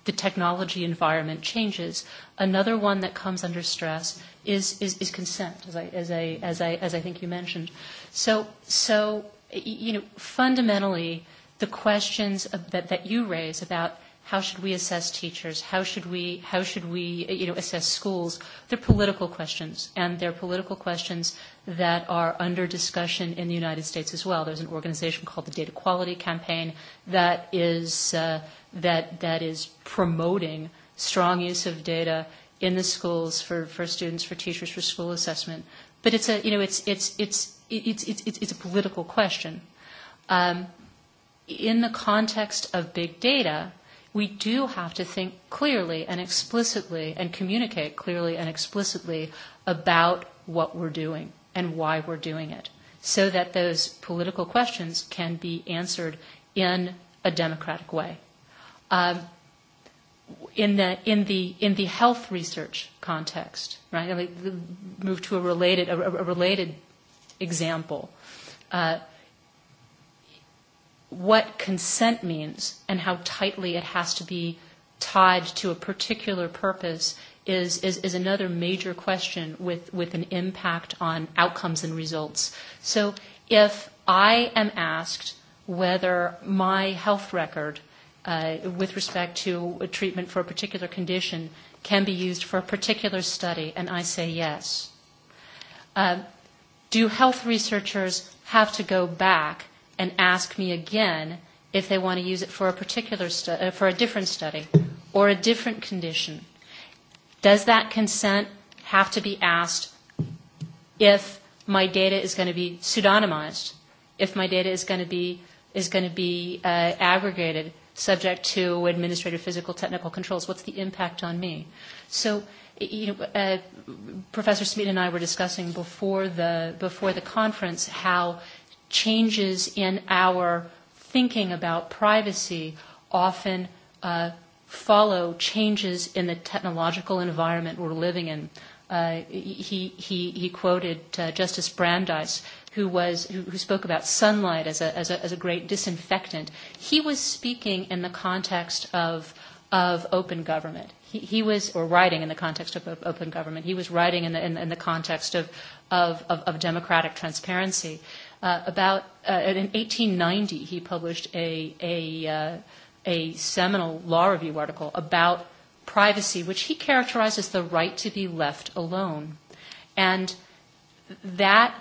the technology environment changes. Another one that comes under stress is, is, is consent, as I, as, I, as, I, as I think you mentioned. So, so you know, fundamentally, the questions that, that you raise about How should we assess teachers? How should we, how should we you know, assess schools? They're political questions, and they're political questions that are under discussion in the United States as well. There's an organization called the Data Quality Campaign that is, that, that is promoting strong use of data in the schools for, for students, for teachers, for school assessment. But it's a, you know, it's, it's, it's, it's, it's, it's, it's a political question. Um, in the context of big data, we do have to think clearly and explicitly and communicate clearly and explicitly about what we're doing and why we're doing it so that those political questions can be answered in a democratic way. Um, in the in the in the health research context, right? Let me move to a related a, related example what consent means and how tightly it has to be tied to a particular purpose is is is another major question with with an impact on outcomes and results. So if I am asked whether my health record with respect to a treatment for a particular condition can be used for a particular study, and I say yes. Do health researchers have to go back and ask me again if they want to use it for a particular for a different study or a different condition. Does that consent have to be asked if my data is going to be pseudonymized, if my data is going to be is going to be aggregated, subject to administrative, physical, technical controls? What's the impact on me? So, you know, Professor Smeet and I were discussing before the before the conference how changes in our thinking about privacy often follow changes in the technological environment we're living in. He he he quoted Justice Brandeis, who was who spoke about sunlight as a as a as a great disinfectant. He was speaking in the context of of open government. He he was or writing in the context of open government. He was writing in the in the context of of of democratic transparency about in 1890 he published a a a seminal law review article about privacy which he characterizes the right to be left alone and that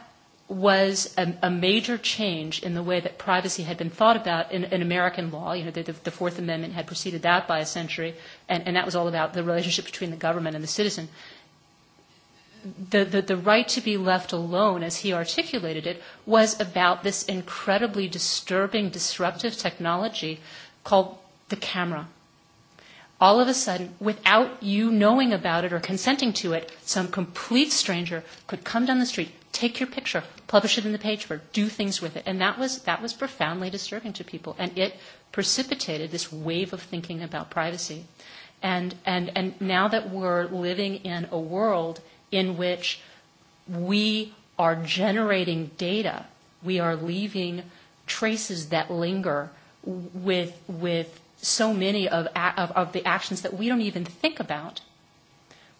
was a major change in the way that privacy had been thought about in in American law. You know, the Fourth Amendment had preceded that by a century, and that was all about the relationship between the government and the citizen the, the, right to be left alone, as he articulated it, was about this incredibly disturbing, disruptive technology called the camera. All of a sudden, without you knowing about it or consenting to it, some complete stranger could come down the street, take your picture, publish it in the paper, do things with it. And that was, that was profoundly disturbing to people. And it precipitated this wave of thinking about privacy. And, and, and now that we're living in a world in which we are generating data. We are leaving traces that linger with with so many of of the actions that we don't even think about.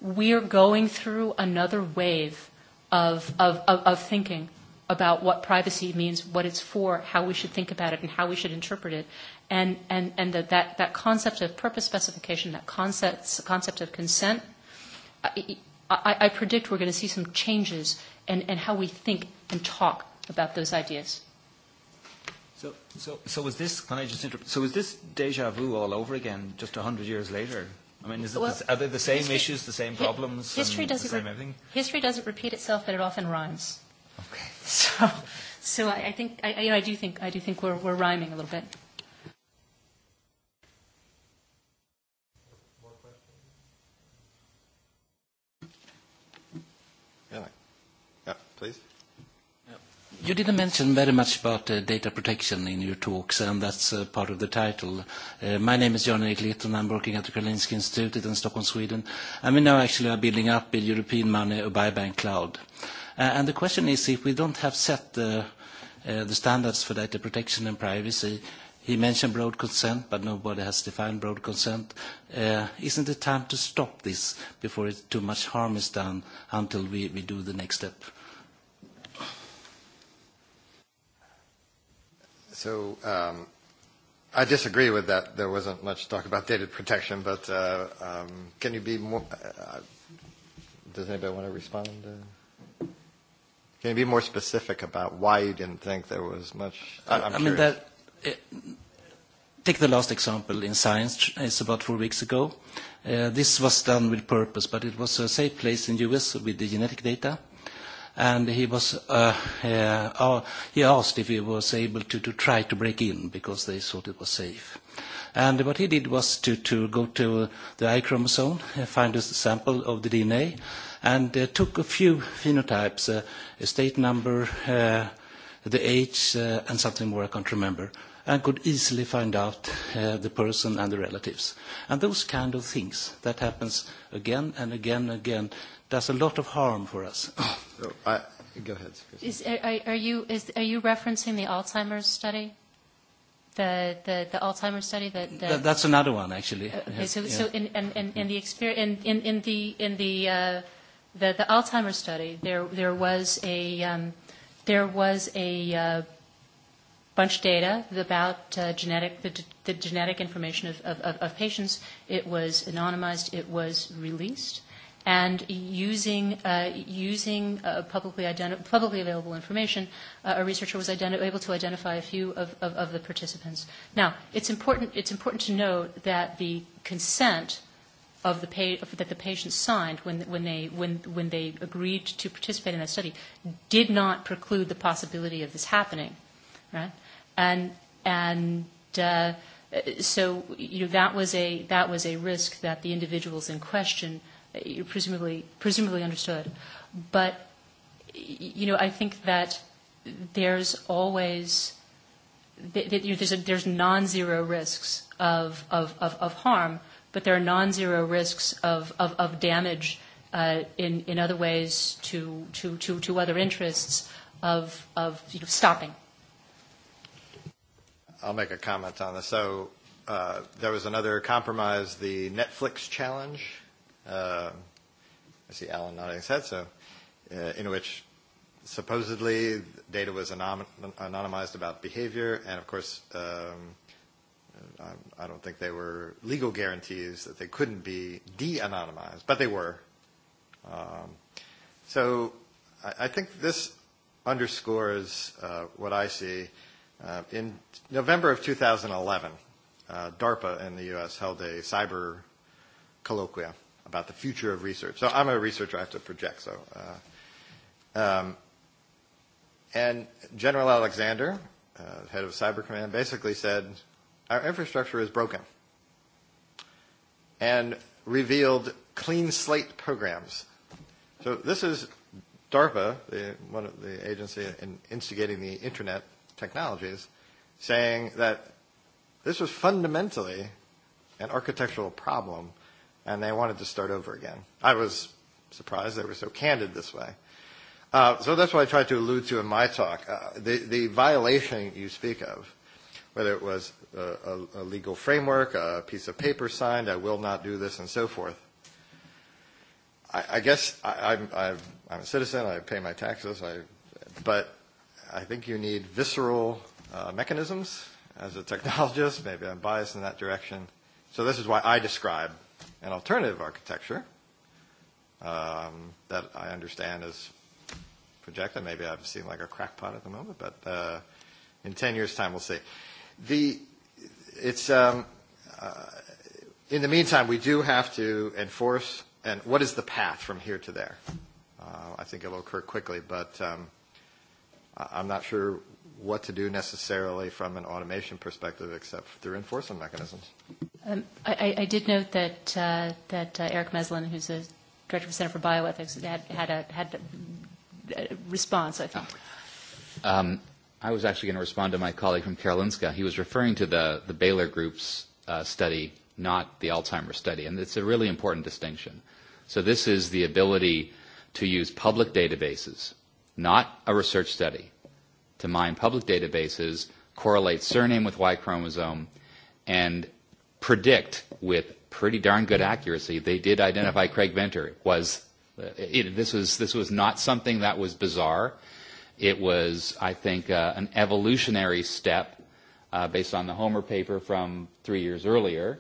We are going through another wave of of of thinking about what privacy means, what it's for, how we should think about it, and how we should interpret it. And and and that that concept of purpose specification, that concept concept of consent, I I predict we're going to see some changes in how we think and talk about those ideas. So, so, so is this? Can I just interrupt? So, is this deja vu all over again, just hundred years later? I mean, is it are they the same issues, the same problems, history doesn't the same everything? History doesn't repeat itself, but it often rhymes. Okay. So, so I, I think I, you know, I do think I do think we're we're rhyming a little bit. You didn't mention very much about data protection in your talks, and that's part of the title. My name is John Erik and I'm working at the Karolinska Institute in Stockholm, Sweden, and we now actually are building up a European money, a biobank cloud. And the question is, if we don't have set the standards for data protection and privacy, he mentioned broad consent, but nobody has defined broad consent, isn't it time to stop this before too much harm is done until we do the next step? So um, I disagree with that. There wasn't much talk about data protection, but uh, um, can you be more? Uh, does anybody want to respond? can you be more specific about why you didn't think there was much? I, I mean that. Take the last example in science. It's about four weeks ago. This was done with purpose, but it was a safe place in the U.S. with the genetic data and he was he asked if he was able to try to break in because they thought it was safe. And what he did was to go to the i chromosome, find a sample of the DNA, and took a few phenotypes, a state number, the age, and something more I can't remember, and could easily find out the person and the relatives. And those kind of things, that happens again and again and again does a lot of harm for us. Go ahead. Are you referencing the Alzheimer's study? The Alzheimer's study That's another one actually. So in the the Alzheimer's study there there was a there was a bunch of data about genetic the the genetic information of of of patients. It was anonymized. It was released and using using publicly available information, a researcher was able to identify a few of of the participants. Now, it's important it's important to note that the consent of the that the patients signed when when they when when they agreed to participate in that study did not preclude the possibility of this happening, right? And and So you know, that was a that was a risk that the individuals in question presumably presumably understood. But you know, I think that there's always there's, there's non-zero risks of, of, of, of harm, but there are non-zero risks of, of, of damage in, in other ways to, to, to, to other interests of, of you know, stopping I'll make a comment on this. So uh, there was another compromise, the Netflix challenge. Uh, I see Alan nodding his head, so uh, in which supposedly data was anonymized about behavior, and of course, um, I don't think they were legal guarantees that they couldn't be de-anonymized, but they were. Um, so I, I think this underscores uh, what I see In November of 2011, DARPA in the U.S. held a cyber colloquia about the future of research. So I'm a researcher. I have to project. So, And General Alexander, head of Cyber Command, basically said, our infrastructure is broken and revealed clean slate programs. So this is DARPA, the, one of the agency in instigating the internet technologies, saying that this was fundamentally an architectural problem, and they wanted to start over again. I was surprised they were so candid this way. So that's what I tried to allude to in my talk. The violation you speak of, whether it was a legal framework, a piece of paper signed, I will not do this, and so forth, I guess I'm a citizen, I pay my taxes, but I think you need visceral mechanisms. As a technologist, maybe I'm biased in that direction. So this is why I describe an alternative architecture um, that I understand is projected. Maybe I've seen like a crackpot at the moment, but uh, in 10 years' time we'll see. The, it's, um, uh, in the meantime, we do have to enforce and what is the path from here to there. Uh, I think will occur quickly, but um, I'm not sure what to do necessarily from an automation perspective except through enforcement mechanisms. I did note that that Eric Meslin, who's a Director of the Center for Bioethics, had had a had a response, I think. I was actually going to respond to my colleague from Karolinska. He was referring to the the Baylor Group's study, not the Alzheimer's study, and it's a really important distinction. So this is the ability to use public databases not a research study, to mine public databases, correlate surname with Y chromosome, and predict with pretty darn good accuracy they did identify Craig Venter. Was this was this was not something that was bizarre. It was, I think, an evolutionary step based on the Homer paper from three years earlier,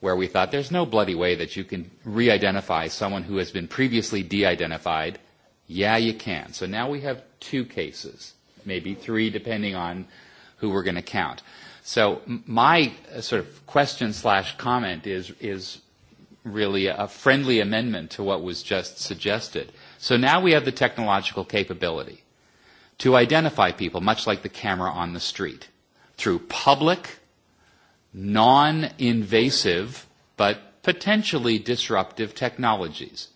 where we thought there's no bloody way that you can re-identify someone who has been previously de-identified Yeah, you can. So now we have two cases, maybe three, depending on who we're going to count. So my sort of question slash comment is is really a friendly amendment to what was just suggested. So now we have the technological capability to identify people, much like the camera on the street, through public, non-invasive, but potentially disruptive technologies.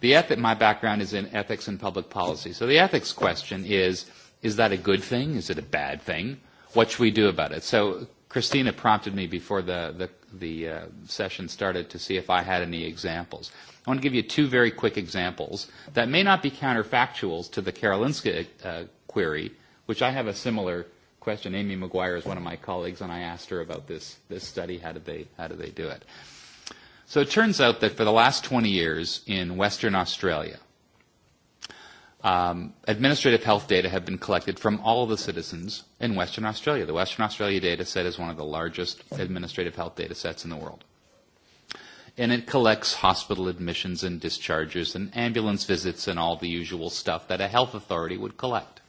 The My background is in ethics and public policy. So the ethics question is, is that a good thing? Is it a bad thing? What should we do about it? So Christina prompted me before the the session started to see if I had any examples. I want to give you two very quick examples that may not be counterfactuals to the Karolinska query, which I have a similar question. Amy McGuire is one of my colleagues, and I asked her about this this study. How did they do it? So it turns out that for the last 20 years in Western Australia, um, administrative health data have been collected from all the citizens in Western Australia. The Western Australia data set is one of the largest administrative health data sets in the world. And it collects hospital admissions and discharges and ambulance visits and all the usual stuff that a health authority would collect.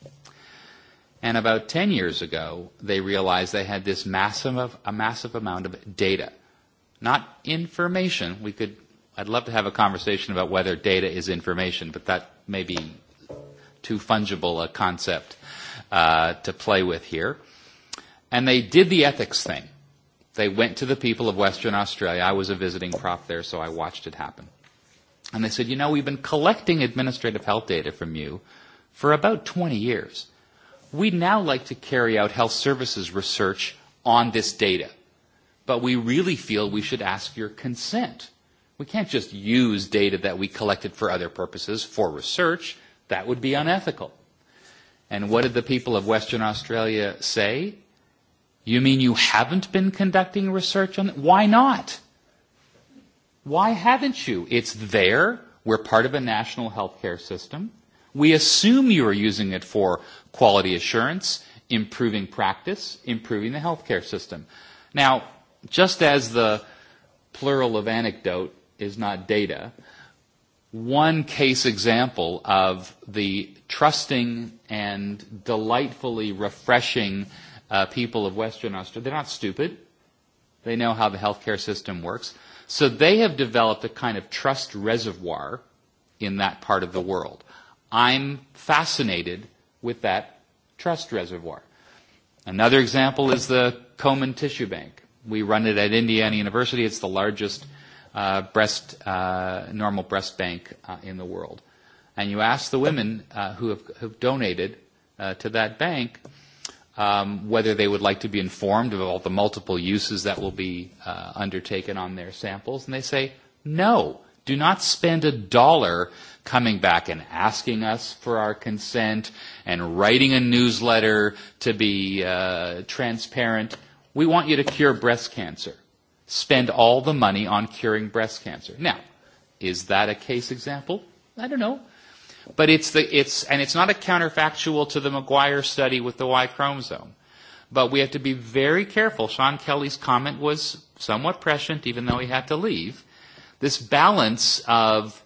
And about 10 years ago, they realized they had this massive, a massive amount of data not information. We could, I'd love to have a conversation about whether data is information, but that may be too fungible a concept uh, to play with here. And they did the ethics thing. They went to the people of Western Australia. I was a visiting prof there, so I watched it happen. And they said, you know, we've been collecting administrative health data from you for about 20 years. We'd now like to carry out health services research on this data but we really feel we should ask your consent. We can't just use data that we collected for other purposes, for research. That would be unethical. And what did the people of Western Australia say? You mean you haven't been conducting research on it? Why not? Why haven't you? It's there. We're part of a national health care system. We assume you are using it for quality assurance, improving practice, improving the healthcare system. Now, Just as the plural of anecdote is not data, one case example of the trusting and delightfully refreshing people of Western Australia, they're not stupid. They know how the healthcare system works. So they have developed a kind of trust reservoir in that part of the world. I'm fascinated with that trust reservoir. Another example is the Komen Tissue Bank we run it at Indiana University. It's the largest breast normal breast bank in the world. And you ask the women who have donated to that bank whether they would like to be informed of all the multiple uses that will be undertaken on their samples, and they say, no, do not spend a dollar coming back and asking us for our consent and writing a newsletter to be transparent we want you to cure breast cancer. Spend all the money on curing breast cancer. Now, is that a case example? I don't know. But it's the, it's, and it's not a counterfactual to the McGuire study with the Y chromosome. But we have to be very careful. Sean Kelly's comment was somewhat prescient, even though he had to leave. This balance of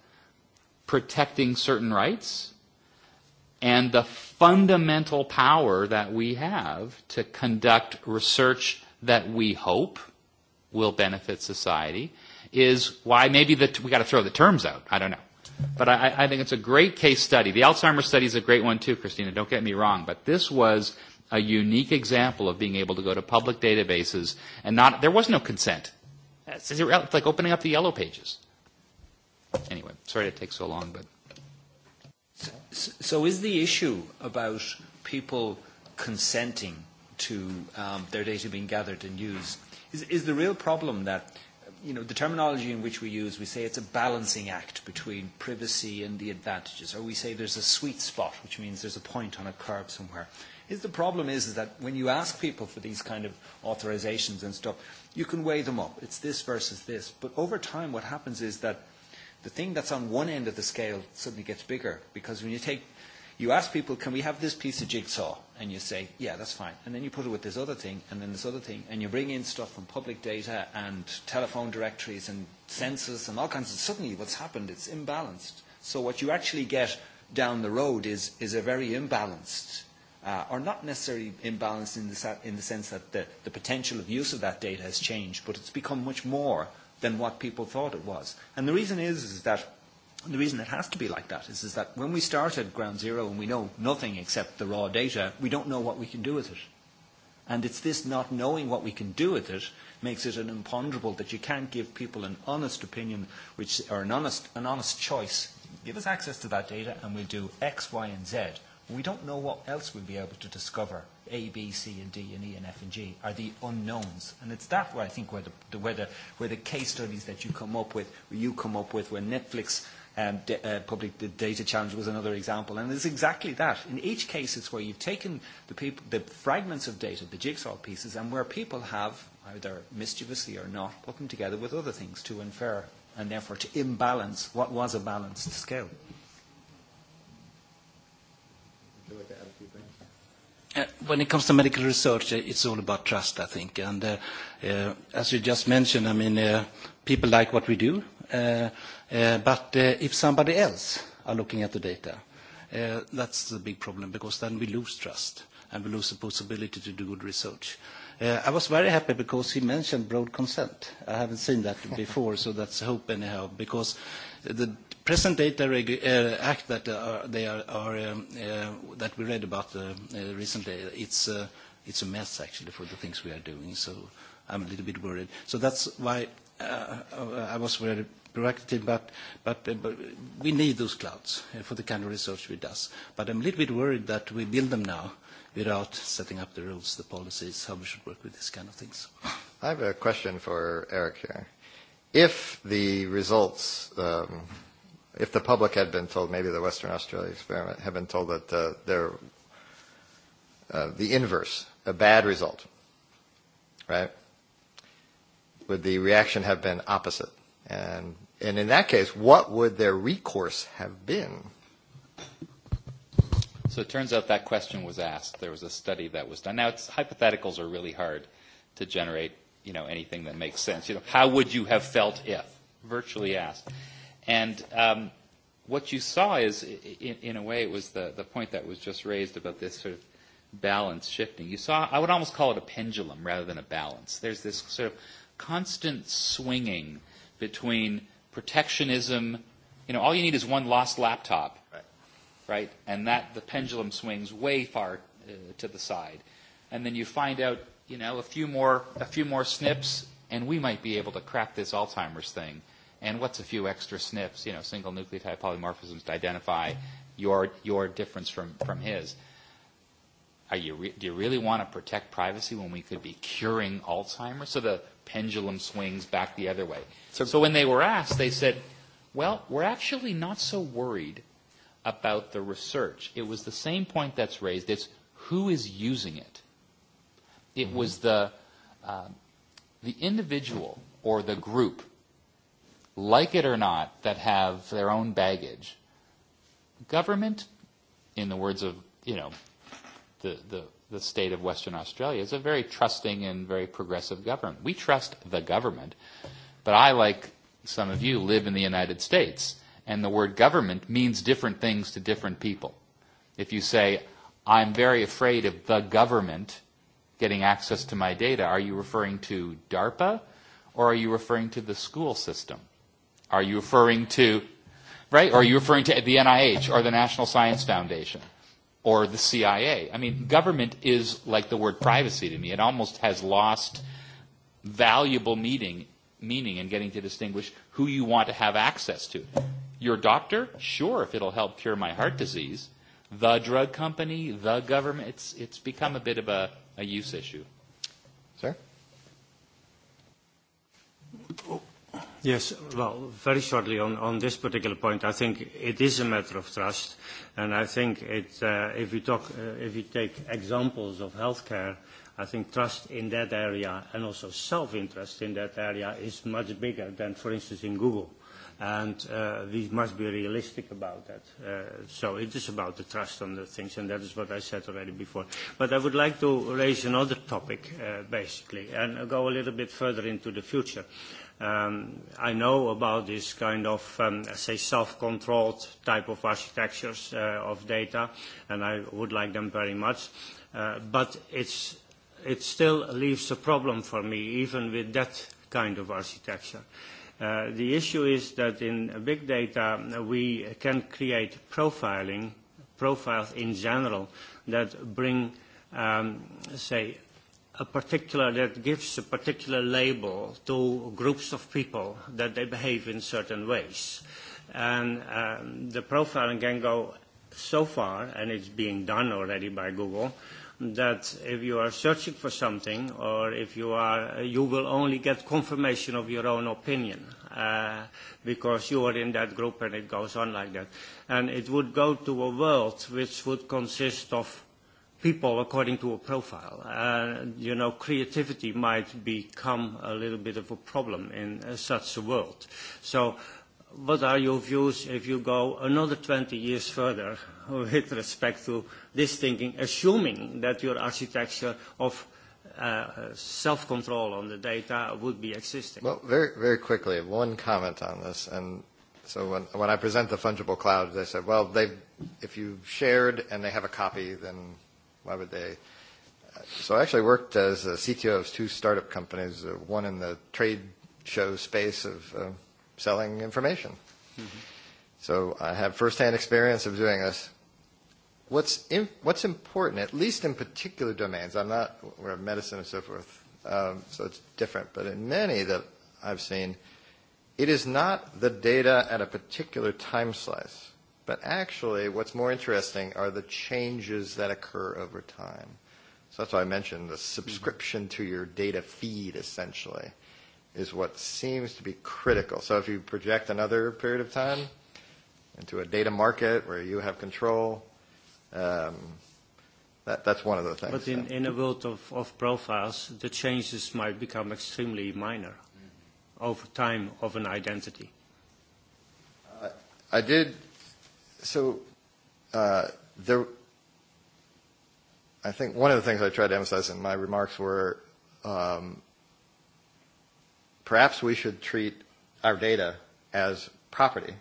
protecting certain rights and the fundamental power that we have to conduct research that we hope will benefit society is why maybe the we got to throw the terms out. I don't know. But I, I think it's a great case study. The Alzheimer's study is a great one too, Christina. Don't get me wrong. But this was a unique example of being able to go to public databases and not, there was no consent. It's like opening up the yellow pages. Anyway, sorry it takes so long, but So is the issue about people consenting to their data being gathered and used, is the real problem that you know, the terminology in which we use, we say it's a balancing act between privacy and the advantages, or we say there's a sweet spot, which means there's a point on a curve somewhere. Is the problem is, is that when you ask people for these kind of authorizations and stuff, you can weigh them up. It's this versus this. But over time, what happens is that the thing that's on one end of the scale suddenly gets bigger because when you take you ask people can we have this piece of jigsaw and you say yeah that's fine and then you put it with this other thing and then this other thing and you bring in stuff from public data and telephone directories and census and all kinds of suddenly what's happened it's imbalanced so what you actually get down the road is is a very imbalanced or not necessarily imbalanced in the in the sense that the the potential of use of that data has changed but it's become much more than what people thought it was. And the reason is, is that the reason it has to be like that is, is that when we start at ground zero and we know nothing except the raw data, we don't know what we can do with it. And it's this not knowing what we can do with it makes it an imponderable that you can't give people an honest opinion which, or an honest, an honest choice. Give us access to that data and we'll do X, Y, and Z. We don't know what else we'll be able to discover A, B, C, and D, and E, and F, and G are the unknowns. And it's that where I think where the, where the, where the case studies that you come up with, where you come up with, where Netflix um, public the data challenge was another example. And it's exactly that. In each case, it's where you've taken the, people, the fragments of data, the jigsaw pieces, and where people have, either mischievously or not, put them together with other things to infer and therefore to imbalance what was a balanced scale. When it comes to medical research, it's all about trust, I think. And as you just mentioned, I mean, people like what we do. But if somebody else are looking at the data, that's the big problem, because then we lose trust and we lose the possibility to do good research. I was very happy because he mentioned broad consent. I haven't seen that before, so that's hope anyhow, because the present data act that they are that we read about recently, it's it's a mess actually for the things we are doing. So I'm a little bit worried. So that's why I was very proactive, but but we need those clouds for the kind of research we do. But I'm a little bit worried that we build them now without setting up the rules, the policies, how we should work with these kind of things. I have a question for Eric here. If the results, if the public had been told, maybe the Western Australia experiment, had been told that they're the inverse, a bad result, right? Would the reaction have been opposite? And in that case, what would their recourse have been? So it turns out that question was asked. There was a study that was done. Now, it's, hypotheticals are really hard to generate, you know, anything that makes sense. You know, how would you have felt if? Virtually asked. And um, what you saw is, in, in a way, it was the, the point that was just raised about this sort of balance shifting. You saw, I would almost call it a pendulum rather than a balance. There's this sort of constant swinging between protectionism, you know, all you need is one lost laptop right? And that the pendulum swings way far to the side. And then you find out, you know, a few more a few more snips and we might be able to crack this Alzheimer's thing. And what's a few extra snips, you know, single nucleotide polymorphisms to identify your your difference from from his. Are you do you really want to protect privacy when we could be curing Alzheimer's? So the pendulum swings back the other way. So when they were asked, they said, well, we're actually not so worried about the research. It was the same point that's raised. It's who is using it. It was the the individual or the group, like it or not, that have their own baggage. Government, in the words of, you know, the, the, the state of Western Australia, is a very trusting and very progressive government. We trust the government, but I, like some of you, live in the United States and the word government means different things to different people. If you say, I'm very afraid of the government getting access to my data, are you referring to DARPA or are you referring to the school system? Are you referring to, right, or are you referring to the NIH or the National Science Foundation or the CIA? I mean, government is like the word privacy to me. It almost has lost valuable meaning meaning in getting to distinguish who you want to have access to. Your doctor? Sure, if it'll help cure my heart disease. The drug company, the government, it's, it's become a bit of a, a use issue. Sir? Yes, well, very shortly on, on this particular point, I think it is a matter of trust, and I think it, uh, if, you talk, uh, if you take examples of healthcare, I think trust in that area and also self-interest in that area is much bigger than, for instance, in Google and we must be realistic about that. So it is about the trust on the things, and that is what I said already before. But I would like to raise another topic, basically, and go a little bit further into the future. I know about this kind of, say, self-controlled type of architectures of data, and I would like them very much. But it's it still leaves a problem for me, even with that kind of architecture The issue is that in big data we can create profiling, profiles in general that bring, say, a particular, that gives a particular label to groups of people that they behave in certain ways. And the profiling can go so far, and it's being done already by Google, that if you are searching for something or if you are you will only get confirmation of your own opinion because you are in that group and it goes on like that and it would go to a world which would consist of people according to a profile you know creativity might become a little bit of a problem in such a world so what are your views if you go another 20 years further with respect to this thinking, assuming that your architecture of self-control on the data would be existing? Well, very, very quickly, one comment on this. And so when, I present the fungible cloud, they said, well, if you shared and they have a copy, then why would they? So I actually worked as a CTO of two startup companies, one in the trade show space of selling information. So I have firsthand experience of doing this. What's what's important, at least in particular domains, I'm not aware of medicine and so forth, um, so it's different. But in many that I've seen, it is not the data at a particular time slice, but actually what's more interesting are the changes that occur over time. So that's why I mentioned the subscription to your data feed, essentially is what seems to be critical. So if you project another period of time into a data market where you have control, um, that, that's one of the things. But in, in a world of, of profiles, the changes might become extremely minor over time of an identity. I did. So uh, there. I think one of the things I tried to emphasize in my remarks were um, perhaps we should treat our data as property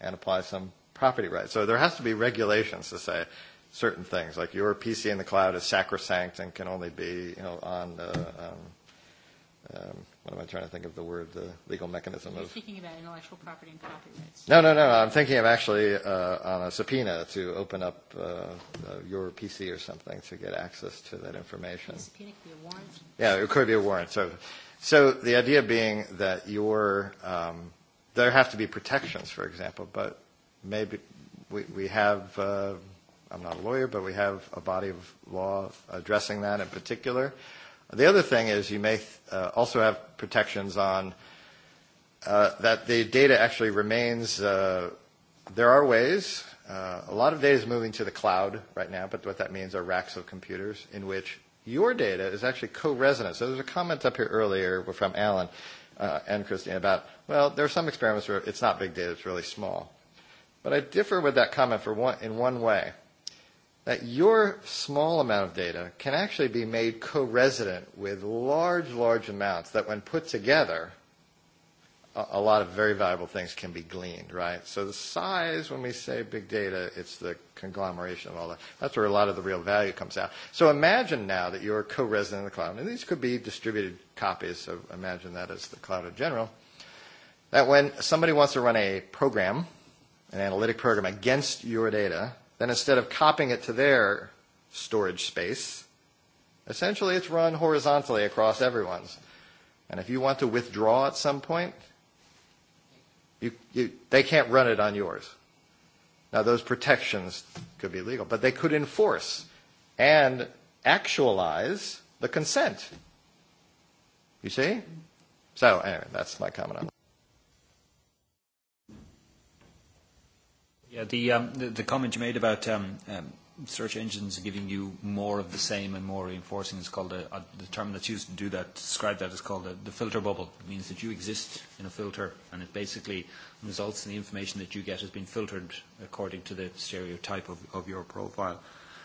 and apply some property rights. So there has to be regulations to say certain things, like your PC in the cloud is sacrosanct and can only be, you know, on um, um, what am I trying to think of the word, the legal mechanism You're of... thinking about intellectual property and copyrights. No, no, no. I'm thinking of actually on a subpoena to open up your PC or something to get access to that information. subpoena could be a warrant. Yeah, it could be a warrant. So So the idea being that your um, there have to be protections, for example, but maybe we, we have, uh, I'm not a lawyer, but we have a body of law addressing that in particular. The other thing is you may uh, also have protections on uh, that the data actually remains, uh, there are ways, uh, a lot of data is moving to the cloud right now, but what that means are racks of computers in which Your data is actually co-resonant. So there's a comment up here earlier from Alan and Christine about, well, there are some experiments where it's not big data, it's really small. But I differ with that comment for one, in one way, that your small amount of data can actually be made co-resident with large, large amounts that when put together a lot of very valuable things can be gleaned, right? So the size, when we say big data, it's the conglomeration of all that. That's where a lot of the real value comes out. So imagine now that you're co-resident in the cloud, and these could be distributed copies, so imagine that as the cloud in general, that when somebody wants to run a program, an analytic program against your data, then instead of copying it to their storage space, essentially it's run horizontally across everyone's. And if you want to withdraw at some point, They can't run it on yours. Now, those protections could be legal, but they could enforce and actualize the consent. You see? So, anyway, that's my comment on that. Yeah, the, um, the, the comment you made about um, um, search engines are giving you more of the same and more reinforcing is called a, the term that's used to do that, describe that is called the filter bubble. It means that you exist in a filter and it basically results in the information that you get has been filtered according to the stereotype of, of your profile.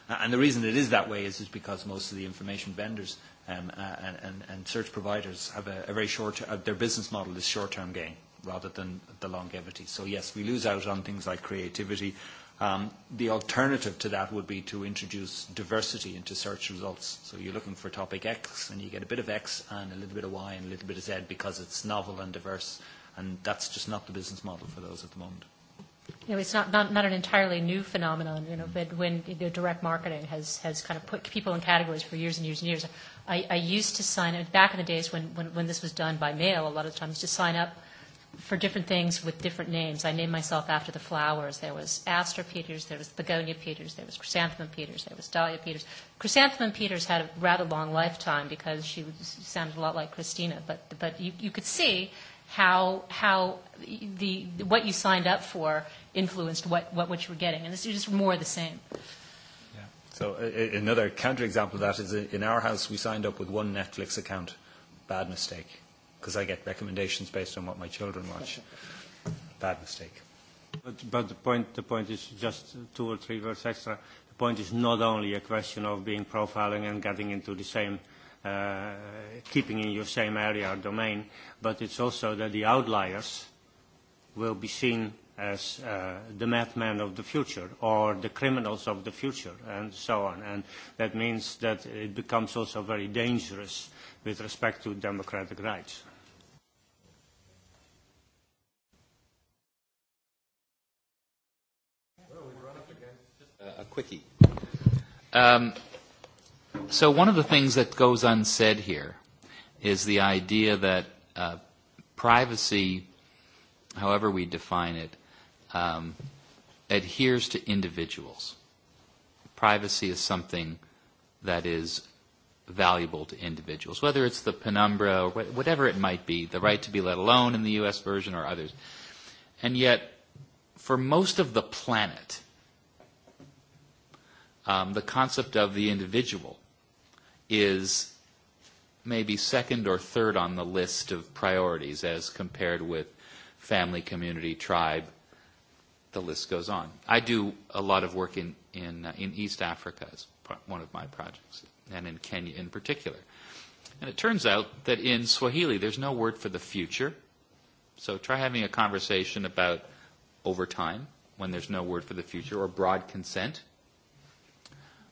And the reason it is that way is, is because most of the information vendors um, and, and, and search providers have a, a very short, their business model is short-term gain rather than the longevity. So yes, we lose out on things like creativity The alternative to that would be to introduce diversity into search results. So you're looking for topic X and you get a bit of X and a little bit of Y and a little bit of Z because it's novel and diverse. And that's just not the business model for those at the moment. It's not not an entirely new phenomenon. You know, but when direct marketing has has kind of put people in categories for years and years and years. I I used to sign back in the days when when when this was done by mail. A lot of times to sign up for different things with different names. I named myself after the flowers. There was Aster Peters, there was Begonia Peters, there was Chrysanthemum Peters, there was Dahlia Peters. Chrysanthemum Peters had a rather long lifetime because she sounded a lot like Christina, but but you, you could see how how the what you signed up for influenced what what, what you were getting, and this is just more of the same. Yeah. So another counterexample of that is in our house we signed up with one Netflix account. Bad mistake because I get recommendations based on what my children watch. Bad mistake. But but the point the point is just two or three words extra. The point is not only a question of being profiling and getting into the same keeping in your same area or domain, but it's also that the outliers will be seen as the madmen of the future or the criminals of the future and so on. And that means that it becomes also very dangerous with respect to democratic rights. quickie. So one of the things that goes unsaid here is the idea that privacy, however we define it, adheres to individuals. Privacy is something that is valuable to individuals, whether it's the penumbra or whatever it might be, the right to be let alone in the U.S. version or others. And yet, for most of the planet, the concept of the individual is maybe second or third on the list of priorities as compared with family, community, tribe. The list goes on. I do a lot of work in in East Africa as one of my projects, and in Kenya in particular. And it turns out that in Swahili there's no word for the future. So try having a conversation about over time when there's no word for the future, or broad consent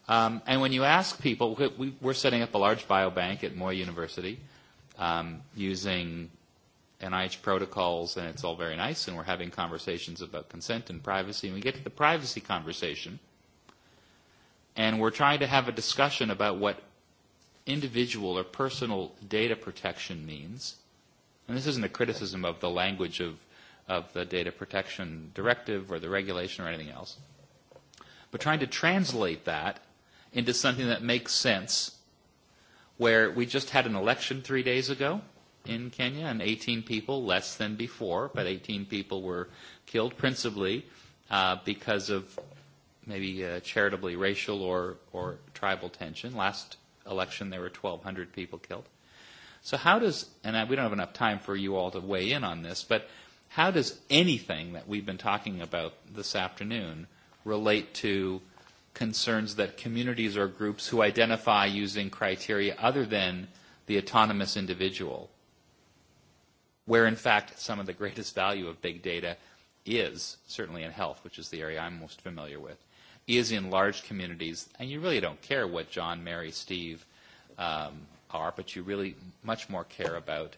And when you ask people, we're setting up a large biobank at Moy University using NIH protocols, and it's all very nice, and we're having conversations about consent and privacy, and we get to the privacy conversation, and we're trying to have a discussion about what individual or personal data protection means. And this isn't a criticism of the language of, of the data protection directive or the regulation or anything else. But trying to translate that into something that makes sense, where we just had an election three days ago in Kenya, and 18 people, less than before, but 18 people were killed principally because of maybe charitably racial or, or tribal tension. Last election, there were 1,200 people killed. So how does, and we don't have enough time for you all to weigh in on this, but how does anything that we've been talking about this afternoon relate to concerns that communities or groups who identify using criteria other than the autonomous individual, where in fact some of the greatest value of big data is, certainly in health, which is the area I'm most familiar with, is in large communities. And you really don't care what John, Mary, Steve um, are, but you really much more care about,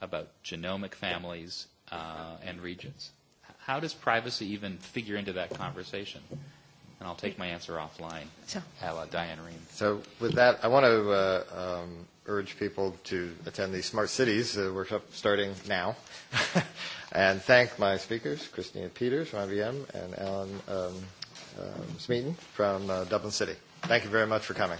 about genomic families uh, and regions. How does privacy even figure into that conversation? and I'll take my answer offline. So, Diane Rehm. So with that, I want to urge people to attend the Smart Cities workshop starting now. And thank my speakers, Christina Peters from IBM and Alan Smeaton from Dublin City. Thank you very much for coming.